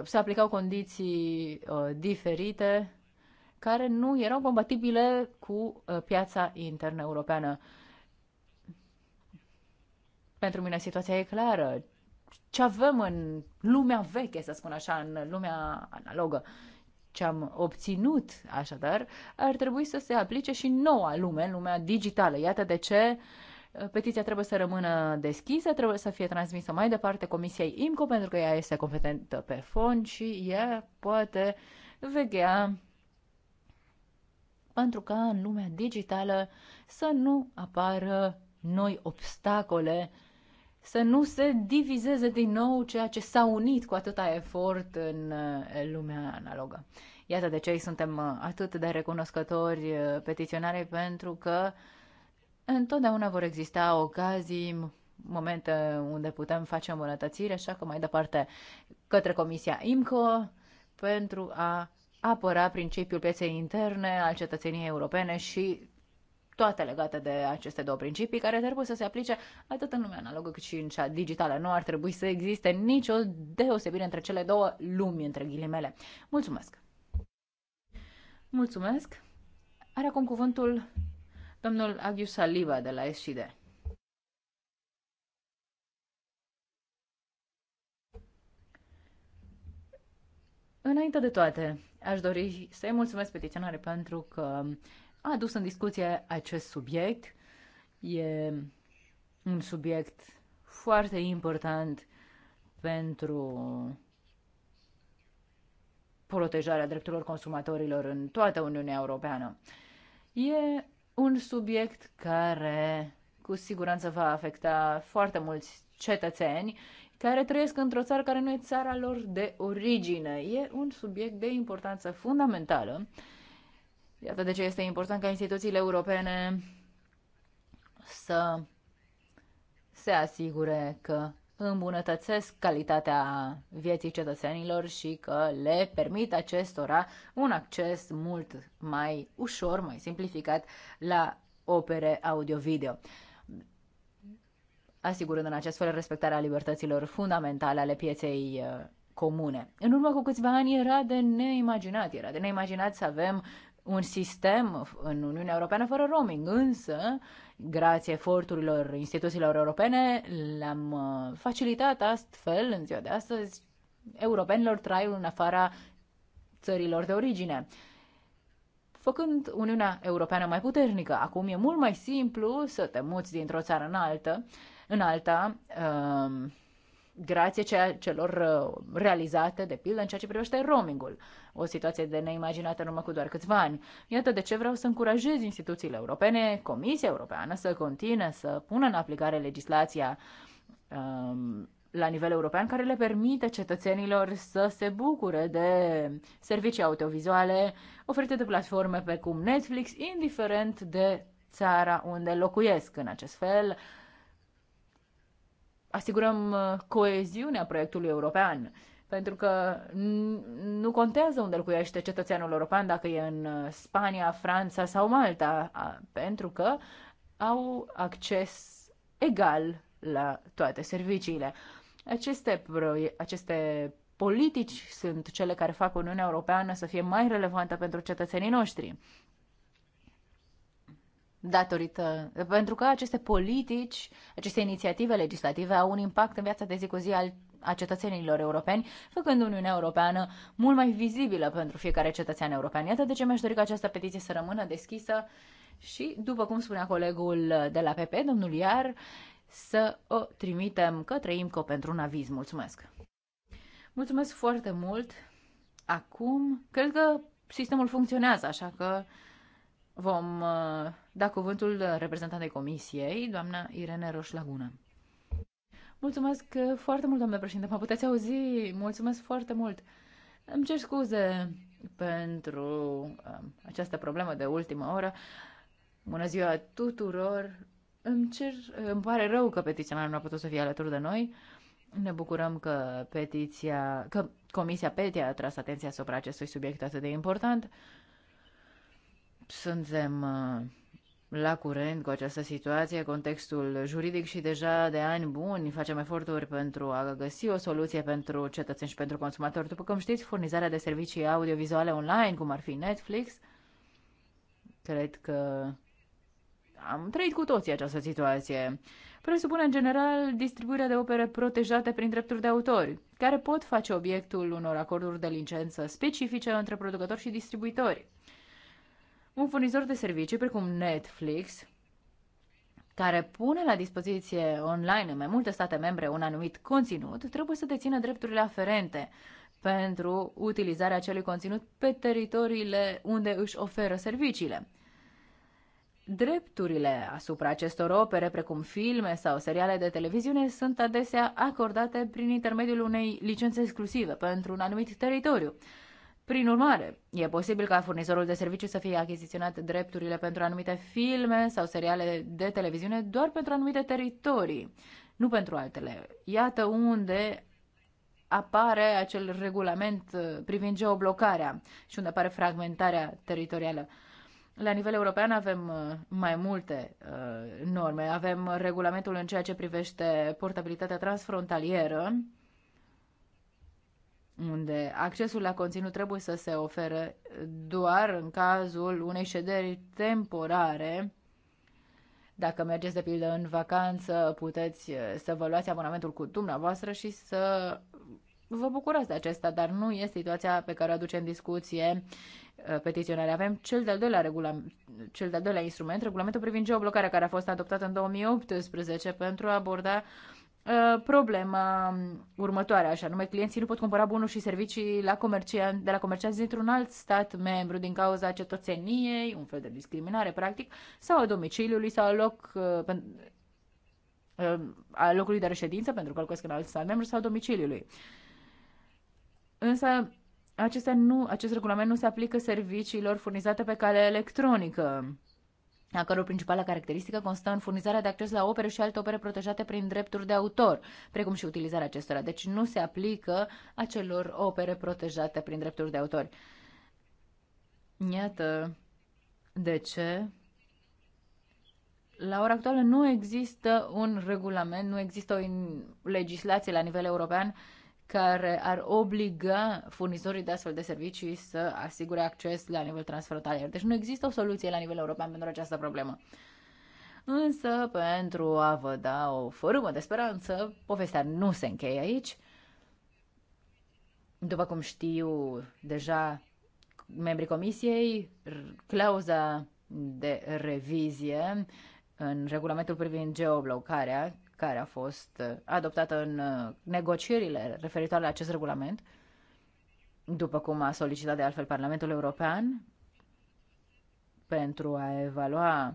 uh, se aplicau condiții uh, diferite care nu erau compatibile cu piața internă europeană. Pentru mine situația e clară. Ce avem în lumea veche, să spun așa, în lumea analogă? Uh, ce am obținut, așadar, ar trebui să se aplice și noua lume, lumea digitală. Iată de ce uh, petiția trebuie să rămână deschisă, trebuie să fie transmisă mai departe Comisiei IMCO, pentru că ea este competentă pe fond și ea poate veghea pentru ca în lumea digitală să nu apară noi obstacole să nu se divizeze din nou ceea ce s-a unit cu atâta efort în eh, lumea analogă. Iată de ce suntem eh, atât de recunoscători eh, petiționarei, pentru că întotdeauna vor exista ocazii, momente unde putem face o îmbunătățiri, așa că mai departe către Comisia IMCO pentru a apăra principiul pieței interne al cetățeniei europene și toate legate de aceste două principii, care trebuie să se aplice atât în lumea analogă cât și în cea digitală. Nu ar trebui să existe nicio deosebire între cele două lumi, între ghilimele. Mulțumesc! Mulțumesc! Are acum cuvântul domnul Aghiu Saliba de la SCD. Înainte de toate, aș dori să-i mulțumesc petiționare pentru că a adus în discuție acest subiect. E un subiect foarte important pentru protejarea drepturilor consumatorilor în toată Uniunea Europeană. E un subiect care cu siguranță va afecta foarte mulți cetățeni care trăiesc într-o țară care nu e țara lor de origine. E un subiect de importanță fundamentală Iată de ce este important ca instituțiile europene să se asigure că îmbunătățesc calitatea vieții cetățenilor și că le permit acestora un acces mult mai ușor, mai simplificat la opere audio-video, asigurând în acest fel respectarea libertăților fundamentale ale pieței uh, comune. În urmă cu câțiva ani era de neimaginat, era de neimaginat să avem un sistem în Uniunea Europeană fără roaming, însă, grație eforturilor instituțiilor europene, le-am uh, facilitat astfel, în ziua de astăzi, europenilor traiul în afara țărilor de origine. Făcând Uniunea Europeană mai puternică, acum e mult mai simplu să te muți dintr-o țară în altă, în alta, um, grație ceea celor uh, realizate, de pildă, în ceea ce privește roamingul, o situație de neimaginată în urmă cu doar câțiva ani. Iată de ce vreau să încurajez instituțiile europene, Comisia Europeană, să continue să pună în aplicare legislația um, la nivel european care le permite cetățenilor să se bucure de servicii audiovizuale oferite de platforme precum Netflix, indiferent de țara unde locuiesc. În acest fel, uh, asigurăm uh, coeziunea proiectului european. Pentru că nu contează unde locuiește cetățeanul european, dacă e în uh, Spania, Franța sau Malta, pentru că au acces egal la toate serviciile. Aceste, aceste politici sunt cele care fac Uniunea Europeană să fie mai relevantă pentru cetățenii noștri datorită, pentru că aceste politici, aceste inițiative legislative au un impact în viața de zi cu zi al a cetățenilor europeni, făcând Uniunea Europeană mult mai vizibilă pentru fiecare cetățean european. Iată de ce mi-aș dori ca această petiție să rămână deschisă și, după cum spunea colegul de la PP, domnul Iar, să o trimitem către IMCO pentru un aviz. Mulțumesc! Mulțumesc foarte mult! Acum, cred că sistemul funcționează, așa că vom uh, da cuvântul reprezentantei comisiei, doamna Irene Roșlagună. Mulțumesc foarte mult, domnule președinte. Mă puteți auzi? Mulțumesc foarte mult. Îmi cer scuze pentru um, această problemă de ultimă oră. Bună ziua tuturor! Îmi, cer, îmi pare rău că mea nu a putut să fie alături de noi. Ne bucurăm că, petiția, că Comisia PETI a atras atenția asupra acestui subiect atât de important. Suntem uh, la curent cu această situație, contextul juridic și deja de ani buni facem eforturi pentru a găsi o soluție pentru cetățeni și pentru consumatori. După cum știți, furnizarea de servicii audiovizuale online, cum ar fi Netflix, cred că am trăit cu toții această situație. Presupune, în general, distribuirea de opere protejate prin drepturi de autori, care pot face obiectul unor acorduri de licență specifice între producători și distribuitori un furnizor de servicii precum Netflix, care pune la dispoziție online în mai multe state membre un anumit conținut, trebuie să dețină drepturile aferente pentru utilizarea acelui conținut pe teritoriile unde își oferă serviciile. Drepturile asupra acestor opere, precum filme sau seriale de televiziune, sunt adesea acordate prin intermediul unei licențe exclusive pentru un anumit teritoriu. Prin urmare, e posibil ca furnizorul de serviciu să fie achiziționat drepturile pentru anumite filme sau seriale de televiziune doar pentru anumite teritorii, nu pentru altele. Iată unde apare acel regulament uh, privind geoblocarea și unde apare fragmentarea teritorială. La nivel european avem uh, mai multe uh, norme. Avem regulamentul în ceea ce privește portabilitatea transfrontalieră, unde accesul la conținut trebuie să se ofere doar în cazul unei șederi temporare. Dacă mergeți, de pildă, în vacanță, puteți eh, să vă luați abonamentul cu dumneavoastră și să vă bucurați de acesta, dar nu este situația pe care o aducem în discuție eh, petiționarea. Avem cel de-al doilea, regula, cel de-al doilea instrument, regulamentul privind geoblocarea, care a fost adoptat în 2018 pentru a aborda uh, Uh, problema um, următoare, așa numai clienții nu pot cumpăra bunuri și servicii la comercian, de la comercianți dintr-un alt stat membru din cauza cetățeniei, un fel de discriminare, practic, sau a domiciliului sau a loc uh, uh, a locului de reședință, pentru că locuiesc în alt stat membru sau domiciliului. Însă, nu, acest regulament nu se aplică serviciilor furnizate pe cale electronică a căror principală caracteristică constă în furnizarea de acces la opere și alte opere protejate prin drepturi de autor, precum și utilizarea acestora. Deci nu se aplică acelor opere protejate prin drepturi de autor. Iată de ce la ora actuală nu există un regulament, nu există o legislație la nivel european uh, care ar obliga furnizorii de astfel de servicii să asigure acces la nivel transfrontalier. Deci nu există o soluție la nivel european pentru această problemă. Însă, pentru a vă da o fărâmă de speranță, povestea nu se încheie aici. După cum știu deja membrii comisiei, clauza de revizie în regulamentul privind geoblocarea, care a fost uh, adoptată în uh, negocierile referitoare la acest regulament, după cum a solicitat de altfel Parlamentul European, pentru a evalua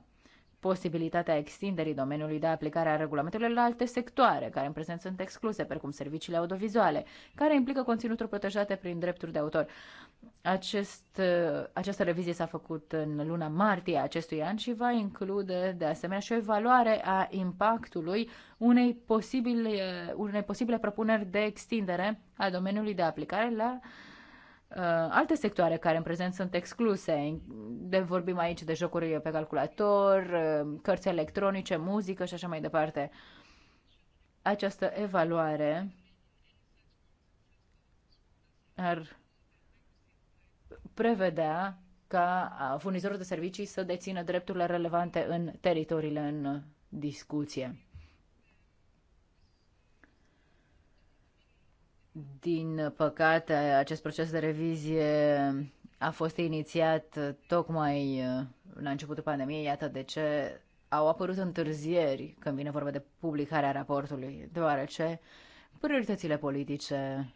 posibilitatea extinderii domeniului de aplicare a regulamentelor la alte sectoare, care în prezent sunt excluse, precum serviciile audiovizuale, care implică conținuturi protejate prin drepturi de autor. Acest, uh, această revizie s-a făcut în luna martie acestui an și va include de asemenea și o evaluare a impactului unei posibile, uh, unei posibile propuneri de extindere a domeniului de aplicare la uh, alte sectoare care în prezent sunt excluse. De vorbim aici de jocuri pe calculator, uh, cărți electronice, muzică și așa mai departe. Această evaluare ar prevedea ca furnizorul de servicii să dețină drepturile relevante în teritoriile în discuție. Din păcate, acest proces de revizie a fost inițiat tocmai la începutul pandemiei, iată de ce au apărut întârzieri când vine vorba de publicarea raportului, deoarece prioritățile politice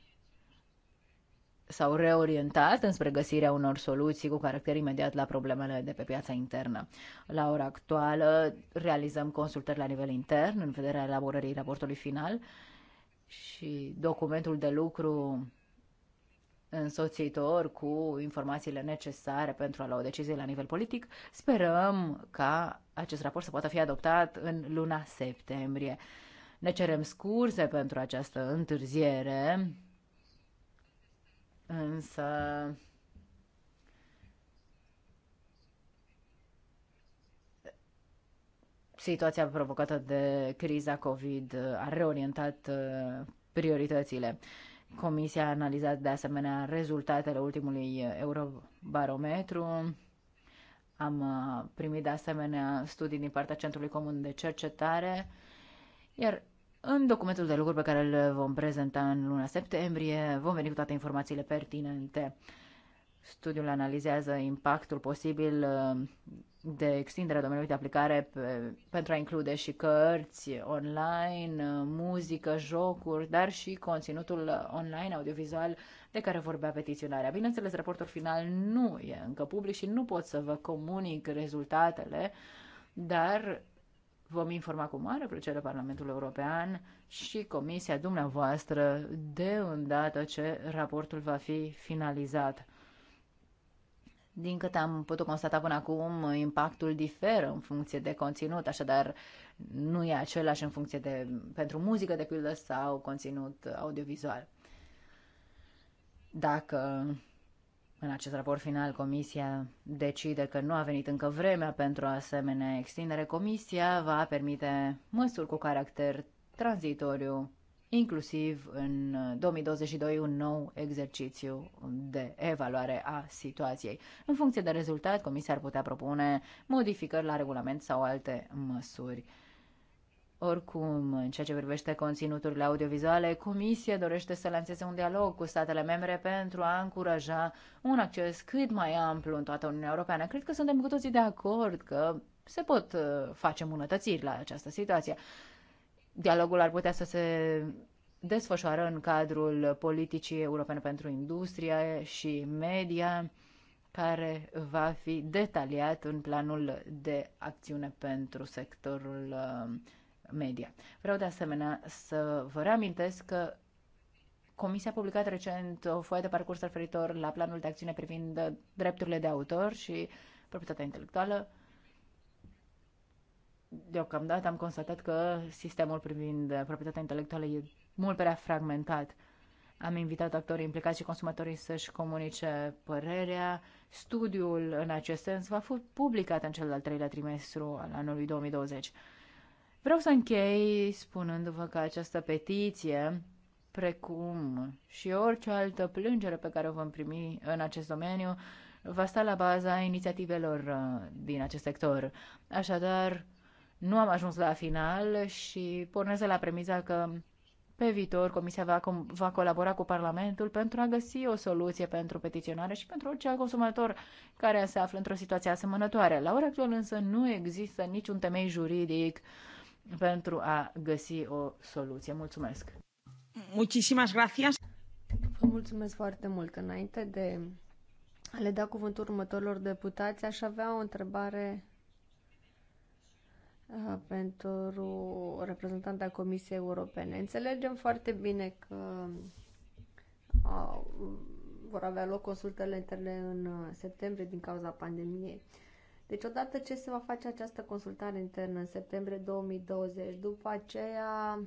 s-au reorientat înspre găsirea unor soluții cu caracter imediat la problemele de pe piața internă. La ora actuală realizăm consultări la nivel intern în vederea elaborării raportului final și documentul de lucru însoțitor cu informațiile necesare pentru a lua o decizie la nivel politic. Sperăm ca acest raport să poată fi adoptat în luna septembrie. Ne cerem scurse pentru această întârziere însă situația provocată de criza COVID a reorientat uh, prioritățile. Comisia a analizat de asemenea rezultatele ultimului eurobarometru. Am uh, primit de asemenea studii din partea Centrului Comun de Cercetare, iar în documentul de lucru pe care îl vom prezenta în luna septembrie, vom veni cu toate informațiile pertinente. Studiul analizează impactul posibil uh, de extindere domeniului de aplicare pe, pentru a include și cărți online, uh, muzică, jocuri, dar și conținutul online audiovizual de care vorbea petiționarea. Bineînțeles, raportul final nu e încă public și nu pot să vă comunic rezultatele, dar Vom informa cu mare plăcere Parlamentul European și Comisia dumneavoastră de îndată ce raportul va fi finalizat. Din câte am putut constata până acum, impactul diferă în funcție de conținut, așadar nu e același în funcție de pentru muzică de pildă sau conținut audiovizual. Dacă în acest raport final, Comisia decide că nu a venit încă vremea pentru asemenea extindere. Comisia va permite măsuri cu caracter tranzitoriu, inclusiv în 2022 un nou exercițiu de evaluare a situației. În funcție de rezultat, Comisia ar putea propune modificări la regulament sau alte măsuri. Oricum, în ceea ce privește conținuturile audiovizuale, Comisia dorește să lanseze un dialog cu statele membre pentru a încuraja un acces cât mai amplu în toată Uniunea Europeană. Cred că suntem cu toții de acord că se pot uh, face îmbunătățiri la această situație. Dialogul ar putea să se desfășoară în cadrul politicii europene pentru industrie și media, care va fi detaliat în planul de acțiune pentru sectorul uh, media. Vreau de asemenea să vă reamintesc că Comisia a publicat recent o foaie de parcurs referitor la planul de acțiune privind drepturile de autor și proprietatea intelectuală. Deocamdată am constatat că sistemul privind proprietatea intelectuală e mult prea fragmentat. Am invitat actorii implicați și consumatorii să-și comunice părerea. Studiul în acest sens va fi publicat în cel de-al treilea trimestru al anului 2020. Vreau să închei spunându-vă că această petiție, precum și orice altă plângere pe care o vom primi în acest domeniu, va sta la baza inițiativelor uh, din acest sector. Așadar, nu am ajuns la final și pornesc la premiza că pe viitor Comisia va, com- va colabora cu Parlamentul pentru a găsi o soluție pentru petiționare și pentru orice alt consumator care se află într-o situație asemănătoare. La ora actuală însă nu există niciun temei juridic uh, pentru a găsi o soluție. Mulțumesc! Muchísimas gracias! Vă mulțumesc foarte mult! Înainte de a le da cuvântul următorilor deputați, aș avea o întrebare uh, pentru reprezentanta Comisiei Europene. Înțelegem foarte bine că uh, vor avea loc consultările interne în uh, septembrie din cauza pandemiei. Deci odată ce se va face această consultare internă în septembrie 2020, după aceea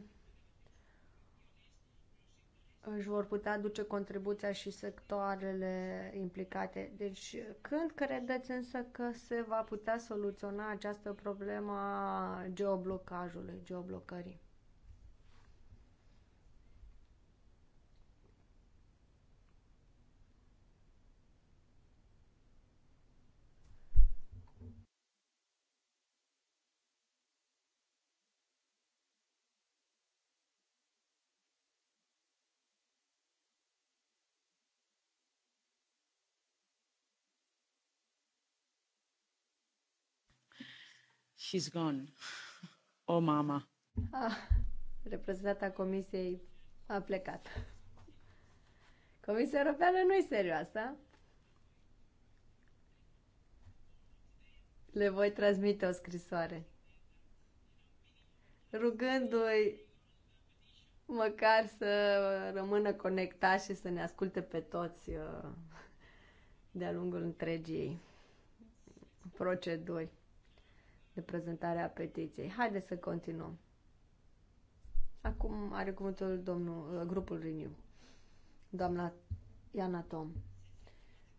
își vor putea duce contribuția și sectoarele implicate. Deci, când credeți însă că se va putea soluționa această problemă a geoblocajului, geoblocării? She's gone. oh, mama. Ah, reprezentanta comisiei a plecat. Comisia Europeană nu e serioasă. Le voi transmite o scrisoare. Rugându-i măcar să rămână conectat și să ne asculte pe toți uh, de-a lungul întregii proceduri de prezentare a petiției. Haideți să continuăm. Acum are cuvântul domnul, uh, grupul Renew. Doamna Iana Tom.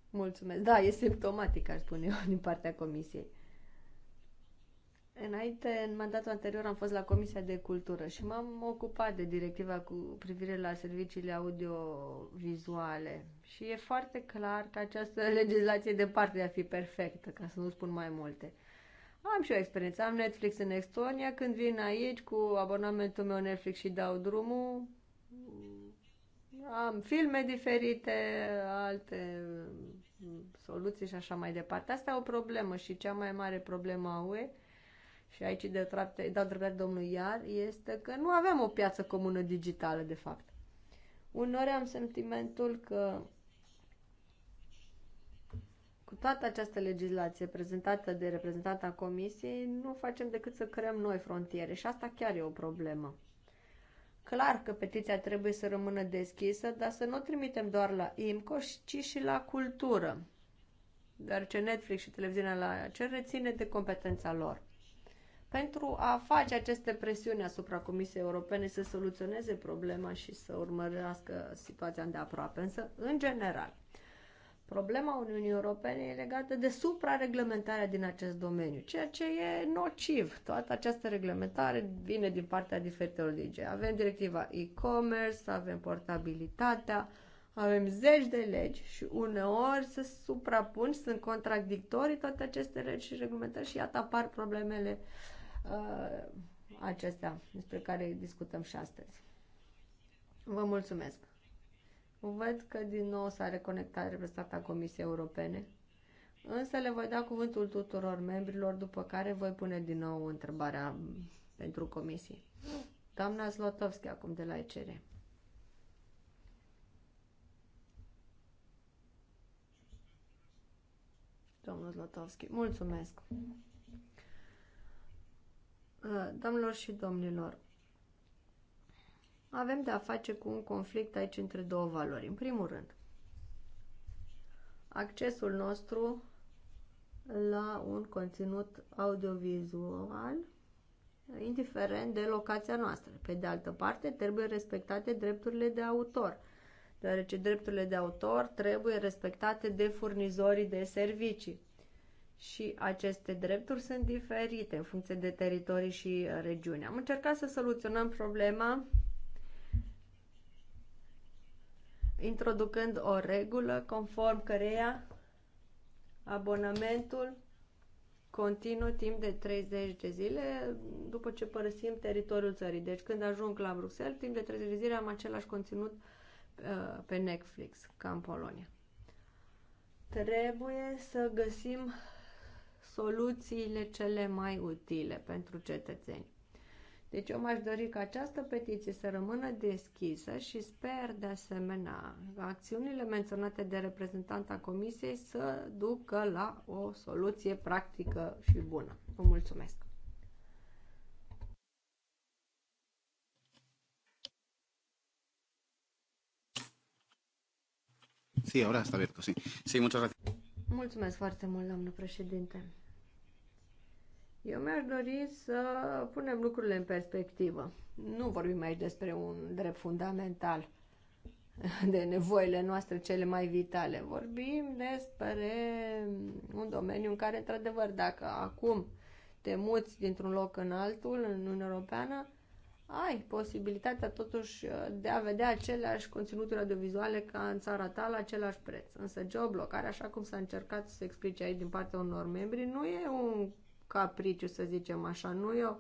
Mulțumesc. Da, e simptomatic, aș spune eu, din partea comisiei. Înainte, în mandatul anterior, am fost la Comisia de Cultură și m-am ocupat de directiva cu privire la serviciile audiovizuale. Și e foarte clar că această legislație departe de a fi perfectă, ca să nu spun mai multe. Am și o experiență. Am Netflix în Estonia. Când vin aici cu abonamentul meu Netflix și dau drumul, am filme diferite, alte mm, soluții și așa mai departe. Asta e o problemă și cea mai mare problemă a UE și aici de trapte, dau dreptate domnului Iar, este că nu avem o piață comună digitală, de fapt. Unor am sentimentul că toată această legislație prezentată de reprezentanta Comisiei nu facem decât să creăm noi frontiere și asta chiar e o problemă. Clar că petiția trebuie să rămână deschisă, dar să nu o trimitem doar la IMCO, ci și la cultură, ce Netflix și televiziunea la ce reține de competența lor. Pentru a face aceste presiuni asupra Comisiei Europene să soluționeze problema și să urmărească situația îndeaproape. însă, în general, Problema Uniunii Europene e legată de suprareglementarea din acest domeniu, ceea ce e nociv. Toată această reglementare vine din partea diferitelor lege. Avem directiva e-commerce, avem portabilitatea, avem zeci de legi și uneori se suprapun, sunt contradictorii toate aceste legi și reglementări și iată apar problemele uh, acestea despre care discutăm și astăzi. Vă mulțumesc! Văd că din nou s-a reconectat reprezentanta Comisiei Europene, însă le voi da cuvântul tuturor membrilor, după care voi pune din nou întrebarea pentru comisie. Doamna Zlotovski, acum de la ECR. Domnul Zlotovski, mulțumesc. Doamnelor și domnilor, avem de a face cu un conflict aici între două valori. În primul rând, accesul nostru la un conținut audiovizual, indiferent de locația noastră. Pe de altă parte, trebuie respectate drepturile de autor, deoarece drepturile de autor trebuie respectate de furnizorii de servicii. Și aceste drepturi sunt diferite în funcție de teritorii și regiuni. Am încercat să soluționăm problema introducând o regulă conform căreia abonamentul continuă timp de 30 de zile după ce părăsim teritoriul țării. Deci când ajung la Bruxelles, timp de 30 de zile am același conținut uh, pe Netflix, ca în Polonia. Trebuie să găsim soluțiile cele mai utile pentru cetățeni. Deci eu m-aș dori ca această petiție să rămână deschisă și sper de asemenea acțiunile menționate de reprezentanta comisiei să ducă la o soluție practică și bună. Vă mulțumesc! Sí, ahora está abierto, sí. Sí, muchas gracias. Mulțumesc foarte mult, doamnă președinte. Eu mi-aș dori să punem lucrurile în perspectivă. Nu vorbim aici despre un drept fundamental de nevoile noastre cele mai vitale. Vorbim despre un domeniu în care, într-adevăr, dacă acum te muți dintr-un loc în altul, în Uniunea Europeană, ai posibilitatea totuși de a vedea aceleași conținuturi audiovizuale ca în țara ta la același preț. Însă geoblocarea, așa cum s-a încercat să se explice aici din partea unor membri, nu e un capriciu, să zicem așa. Nu e o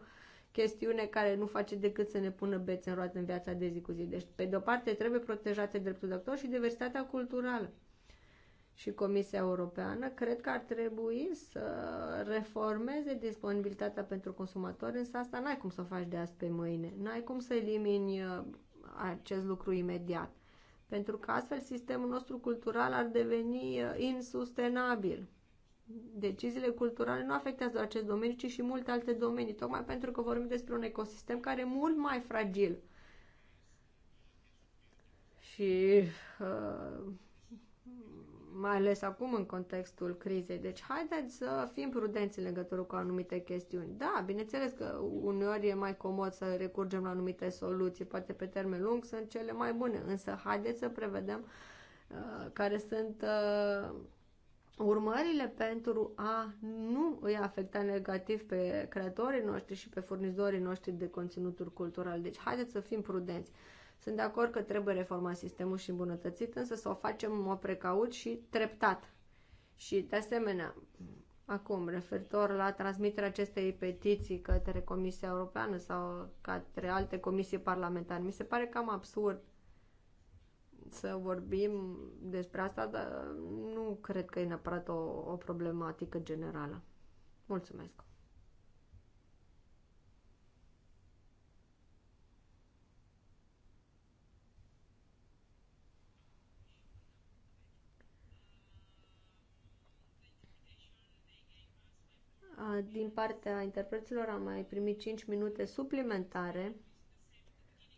chestiune care nu face decât să ne pună bețe în roată în viața de zi cu zi. Deci, pe de-o parte, trebuie protejate dreptul de autor și diversitatea culturală. Și Comisia Europeană cred că ar trebui să reformeze disponibilitatea pentru consumatori, însă asta n-ai cum să o faci de azi pe mâine. N-ai cum să elimini uh, acest lucru imediat. Pentru că astfel sistemul nostru cultural ar deveni uh, insustenabil deciziile culturale nu afectează doar acest domeniu, ci și multe alte domenii, tocmai pentru că vorbim despre un ecosistem care e mult mai fragil. Și uh, mai ales acum în contextul crizei. Deci haideți să fim prudenți în legătură cu anumite chestiuni. Da, bineînțeles că uneori e mai comod să recurgem la anumite soluții, poate pe termen lung sunt cele mai bune, însă haideți să prevedem uh, care sunt uh, urmările pentru a nu îi afecta negativ pe creatorii noștri și pe furnizorii noștri de conținuturi culturale. Deci haideți să fim prudenți. Sunt de acord că trebuie reformat sistemul și îmbunătățit, însă să o facem o precaut și treptat. Și de asemenea, acum, referitor la transmiterea acestei petiții către Comisia Europeană sau către alte comisii parlamentare, mi se pare cam absurd să vorbim despre asta, dar nu cred că e neapărat o, o problematică generală. Mulțumesc! Din partea interpreților am mai primit 5 minute suplimentare.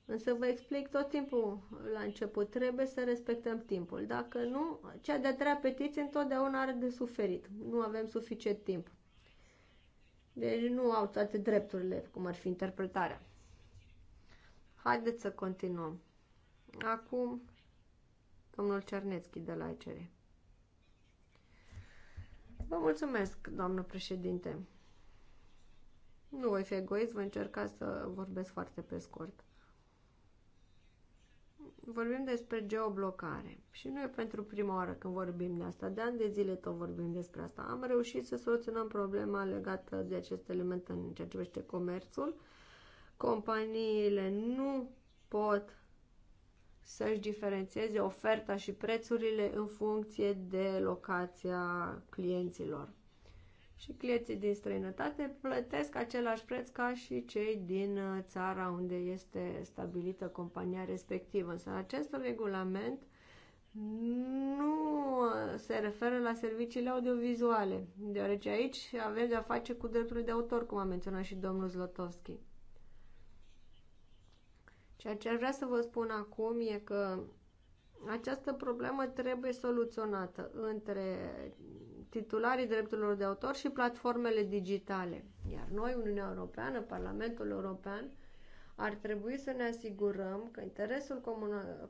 Însă vă explic tot timpul la început, trebuie să respectăm timpul. Dacă nu, cea de-a treia petiție întotdeauna are de suferit. Nu avem suficient timp. Deci nu au toate drepturile, cum ar fi interpretarea. Haideți să continuăm. Acum, domnul Cernețchi de la ECR. Vă mulțumesc, doamnă președinte. Nu voi fi egoist, voi încerca să vorbesc foarte pe scurt vorbim despre geoblocare. Și nu e pentru prima oară când vorbim de asta. De ani de zile tot vorbim despre asta. Am reușit să soluționăm problema legată de acest element în ceea ce privește comerțul. Companiile nu pot să-și diferențieze oferta și prețurile în funcție de locația clienților și clienții din străinătate plătesc același preț ca și cei din uh, țara unde este stabilită compania respectivă. Însă acest regulament nu uh, se referă la serviciile audiovizuale, deoarece aici avem de-a face cu drepturile de autor, cum a menționat și domnul Zlotowski. Ceea ce aș vrea să vă spun acum e că această problemă trebuie soluționată între titularii drepturilor de autor și platformele digitale. Iar noi, Uniunea Europeană, Parlamentul European, ar trebui să ne asigurăm că interesul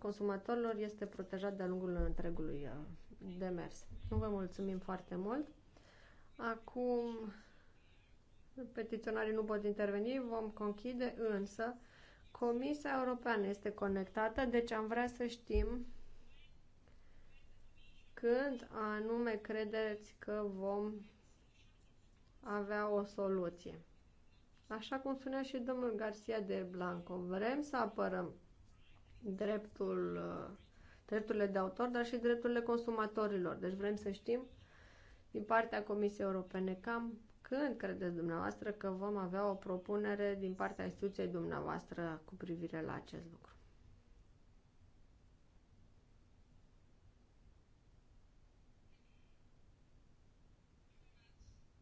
consumatorilor este protejat de-a lungul întregului uh, demers. Nu vă mulțumim foarte mult. Acum petiționarii nu pot interveni, vom conchide, însă Comisia Europeană este conectată, deci am vrea să știm când anume credeți că vom avea o soluție? Așa cum spunea și domnul Garcia de Blanco, vrem să apărăm dreptul, drepturile de autor, dar și drepturile consumatorilor. Deci vrem să știm din partea Comisiei Europene cam când credeți dumneavoastră că vom avea o propunere din partea instituției dumneavoastră cu privire la acest lucru.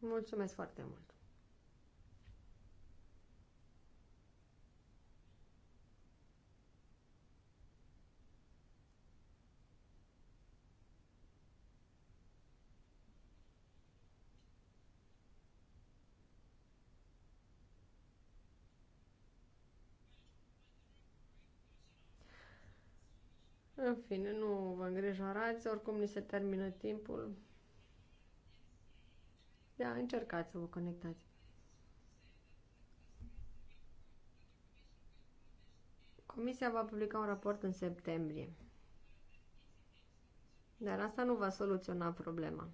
Mulțumesc foarte mult! În fine, nu vă îngrijorați, oricum ni se termină timpul. Da, încercați să vă conectați. Comisia va publica un raport în septembrie. Dar asta nu va soluționa problema.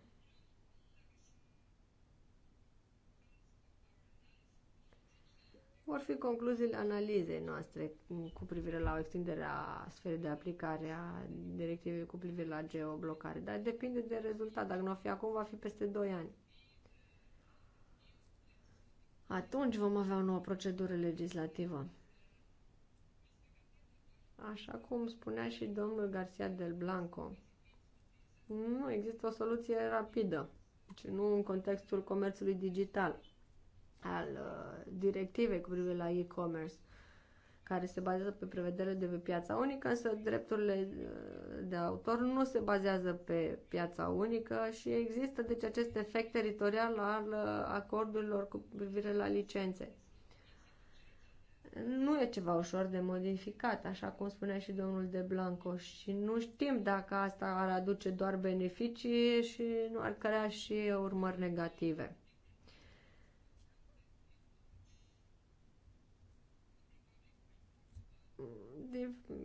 Vor fi concluziile analizei noastre cu privire la o extindere a sferei de aplicare a directivei cu privire la geoblocare, dar depinde de rezultat. Dacă nu va fi acum, va fi peste 2 ani atunci vom avea o nouă procedură legislativă. Așa cum spunea și domnul Garcia del Blanco, nu există o soluție rapidă, deci nu în contextul comerțului digital al uh, directivei cu privire la e-commerce care se bazează pe prevedere de pe piața unică, însă drepturile uh, de autor nu se bazează pe piața unică și există deci acest efect teritorial al uh, acordurilor cu privire la licențe. Nu e ceva ușor de modificat, așa cum spunea și domnul De Blanco, și nu știm dacă asta ar aduce doar beneficii și nu ar crea și urmări negative.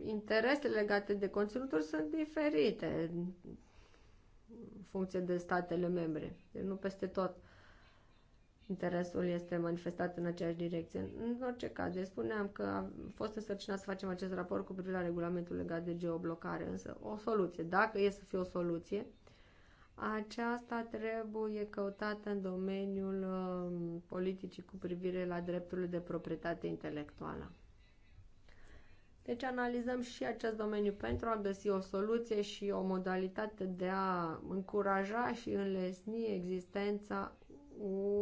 interesele legate de conținuturi sunt diferite în funcție de statele membre. Deci nu peste tot interesul este manifestat în aceeași direcție. În orice caz, eu deci spuneam că am fost însărcinat să facem acest raport cu privire la regulamentul legat de geoblocare, însă o soluție, dacă e să fie o soluție, aceasta trebuie căutată în domeniul uh, politicii cu privire la drepturile de proprietate intelectuală. Deci analizăm și acest domeniu pentru a găsi o soluție și o modalitate de a încuraja și înlesni existența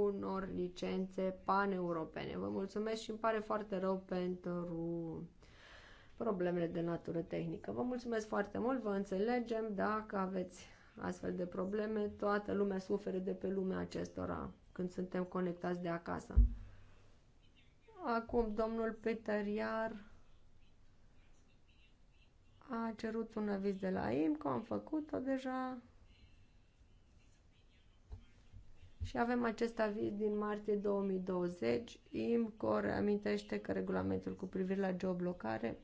unor licențe paneuropene. Vă mulțumesc și îmi pare foarte rău pentru problemele de natură tehnică. Vă mulțumesc foarte mult, vă înțelegem dacă aveți astfel de probleme. Toată lumea suferă de pe lumea acestora când suntem conectați de acasă. Acum, domnul Peter Iar a cerut un aviz de la IMCO, am făcut-o deja și avem acest aviz din martie 2020. IMCO reamintește că regulamentul cu privire la geoblocare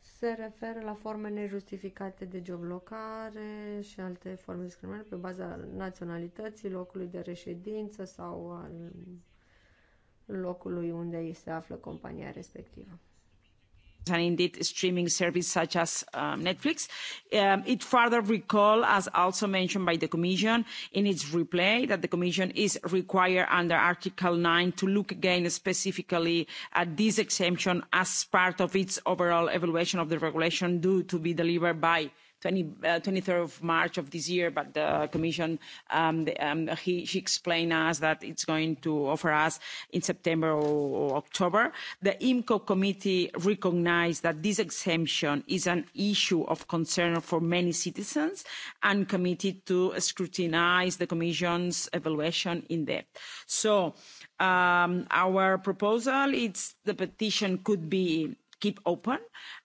se referă la forme nejustificate de geoblocare și alte forme de discriminare pe baza naționalității, locului de reședință sau al locului unde se află compania respectivă and indeed streaming services such as um, Netflix. Um, it further recalls, as also mentioned by the Commission in its reply, that the Commission is required under Article 9 to look again specifically at this exemption as part of its overall evaluation of the regulation due to be delivered by twenty uh, three march of this year but the commission um, the, um, he, she explained us that it's going to offer us in september or, or october. the imco committee recognised that this exemption is an issue of concern for many citizens and committed to scrutinise the commission's evaluation in depth. so um, our proposal is the petition could be keep open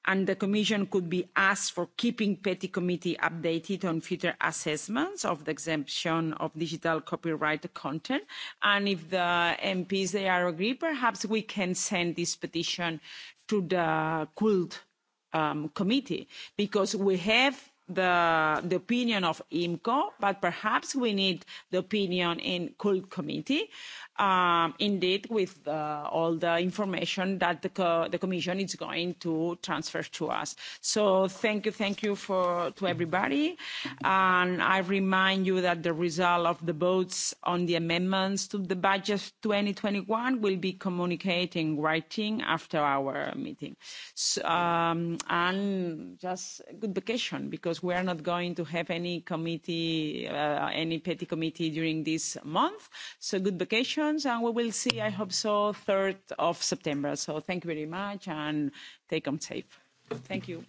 and the commission could be asked for keeping peti committee updated on future assessments of the exemption of digital copyright content and if the mps they are agree perhaps we can send this petition to the cult um, committee because we have the, the opinion of IMCO, but perhaps we need the opinion in cult committee um, indeed with uh, all the information that the, co the Commission is going to transfer to us. So thank you, thank you for, to everybody. And I remind you that the result of the votes on the amendments to the budget 2021 will be communicating writing after our meeting. So, um, and just good vacation because we are not going to have any committee, uh, any petty committee during this month. So good vacation questions, and we will see, I hope so, 3rd of September. So thank you very much, and take them safe. Thank you.